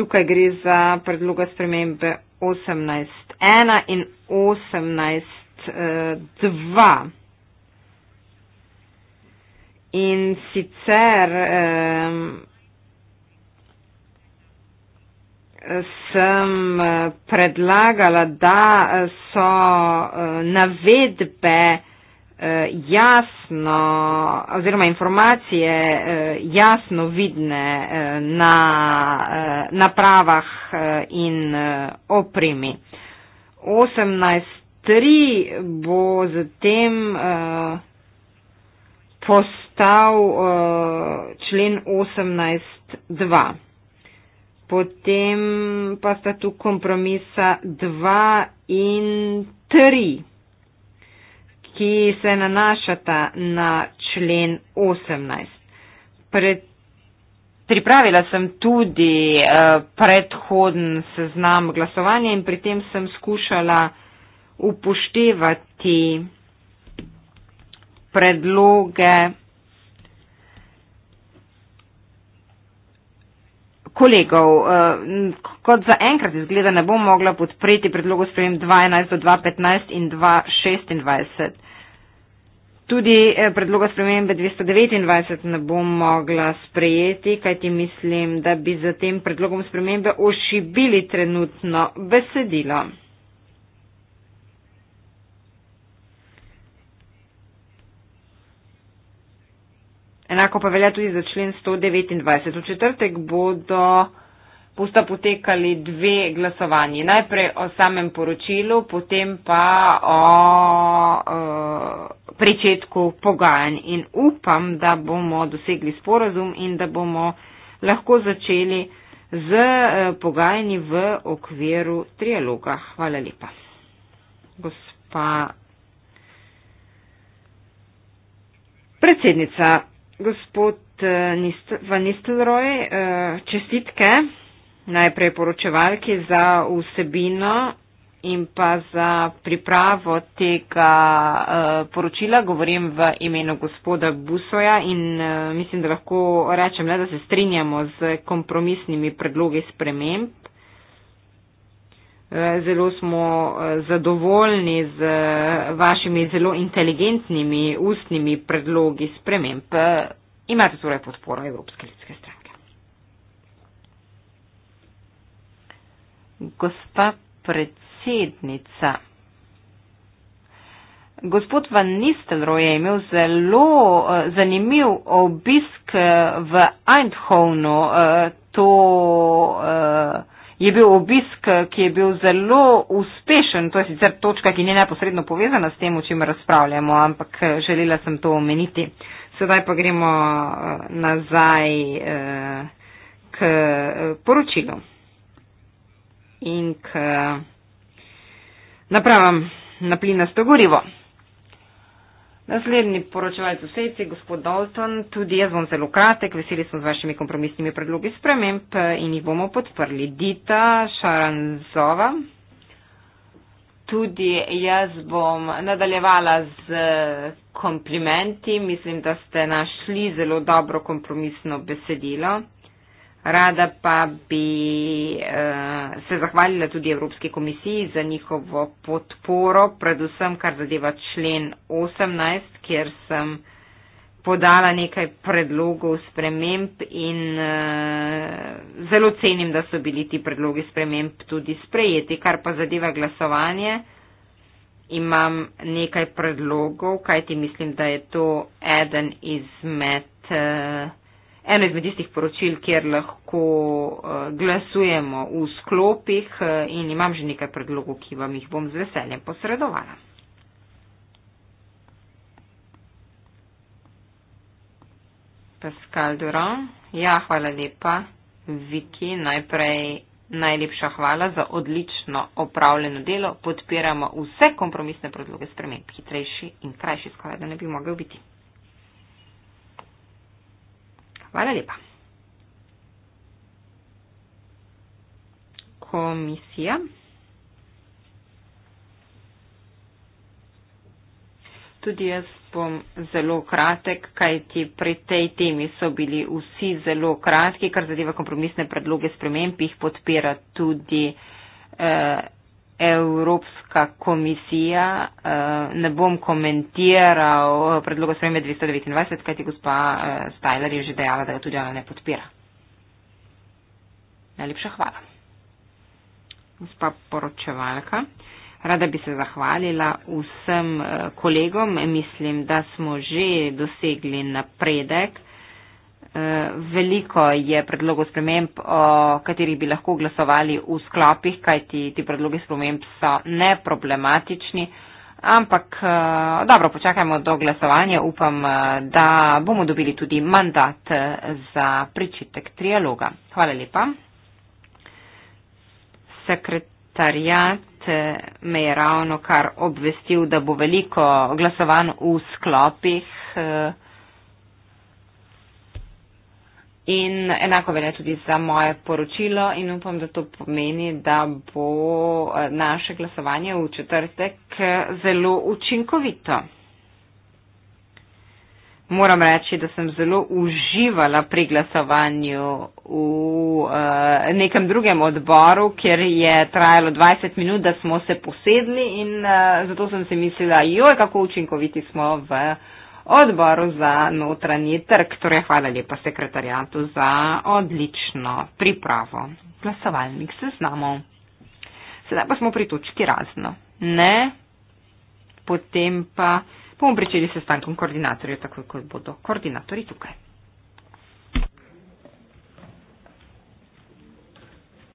Tukaj gre za predloga spremembe 18.1 in 18.2. Eh, in sicer eh, sem eh, predlagala, da so navedbe Eh, jasno oziroma informacije eh, jasno vidne eh, na napravah in opremi. 18.3 bo zatem postal člen 18.2. Potem pa sta tu kompromisa 2 in 3 ki se nanašata na člen 18. Pred, pripravila sem tudi eh, predhoden seznam glasovanja in pri tem sem skušala upoštevati predloge kolegov. Eh, kot za enkrat izgleda ne bom mogla podpreti predlogu sprejem 2.11 do 2.15 in 2.26. Tudi eh, predloga spremembe 229 ne bom mogla sprejeti, kajti mislim, da bi za tem predlogom spremembe ošibili trenutno besedilo. Enako pa velja tudi za člen 129. V četrtek bodo posta potekali dve glasovanji. Najprej o samem poročilu, potem pa o, o e, pričetku pogajanj. In upam, da bomo dosegli sporozum in da bomo lahko začeli z e, pogajanji v okviru trialoga. Hvala lepa. Gospa predsednica gospod eh, Van Nistelrooy, eh, čestitke najprej poročevalki za vsebino in pa za pripravo tega eh, poročila. Govorim v imenu gospoda Busoja in mislim, da lahko rečem le, da se strinjamo z kompromisnimi predlogi sprememb Eh, zelo smo eh, zadovoljni z eh, vašimi zelo inteligentnimi ustnimi predlogi sprememb. Imate torej podporo Evropske ljudske stranke. Gospa predsednica. Gospod Van Nistelrooy je imel zelo zanimiv obisk v Eindhovnu. To, je bil obisk, ki je bil zelo uspešen, to je sicer točka, ki ni neposredno povezana s tem, o čem razpravljamo, ampak eh, želela sem to omeniti. Sedaj pa gremo eh, nazaj eh, k poročilu in k napravam na plinasto gorivo. Naslednji poročevalc vsejci, gospod Dalton, tudi jaz bom zelo kratek, veseli smo z vašimi kompromisnimi predlogi sprememb in jih bomo podprli. Dita Šaranzova, tudi jaz bom nadaljevala z komplimenti, mislim, da ste našli zelo dobro kompromisno besedilo. Rada pa bi uh, se zahvalila tudi Evropski komisiji za njihovo podporo, predvsem kar zadeva člen 18, kjer sem podala nekaj predlogov sprememb in uh, zelo cenim, da so bili ti predlogi sprememb tudi sprejeti. Kar pa zadeva glasovanje, imam nekaj predlogov, kajti mislim, da je to eden izmed. Uh, eno izmed tistih poročil, kjer lahko eh, glasujemo v sklopih eh, in imam že nekaj predlogov, ki vam jih bom z veseljem posredovala. Pascal Duran, ja, hvala lepa. Viki, najprej najlepša hvala za odlično opravljeno delo. Podpiramo vse kompromisne predloge sprememb, hitrejši in krajši, skoraj da ne bi mogel biti. Hvala lepa. Komisija. Tudi jaz bom zelo kratek, kajti pri tej temi so bili vsi zelo kratki, kar zadeva kompromisne predloge spremembi, jih podpira tudi. Eh, Evropska komisija, eh, ne bom komentiral eh, predloga spremembe 229, kajti gospa eh, Stajler je že dejala, da ga tudi ona ne podpira. Najlepša hvala. Gospa poročevalka, rada bi se zahvalila vsem kolegom. Mislim, da smo že dosegli napredek. Veliko je predlogov sprememb, o katerih bi lahko glasovali v sklopih, kajti ti predlogi sprememb so neproblematični. Ampak eh, dobro, počakajmo do glasovanja. Upam, eh, da bomo dobili tudi mandat eh, za pričetek trialoga. Hvala lepa. Sekretarjat me je ravno kar obvestil, da bo veliko glasovanj v sklopih. Uh, In enako velja tudi za moje poročilo in upam, da to pomeni, da bo eh, naše glasovanje v četrtek eh, zelo učinkovito. Moram reči, da sem zelo uživala pri glasovanju v uh, nekem drugem odboru, kjer je trajalo 20 minut, da smo se posedli in uh, zato sem si mislila, joj, kako učinkoviti smo v. Uh, odboru za notranji trg. Torej, hvala lepa sekretarjatu za odlično pripravo glasovalnih seznamov. Sedaj pa smo pri točki razno. Ne, potem pa bomo pričeli s stankom koordinatorjev, tako kot bodo koordinatorji tukaj.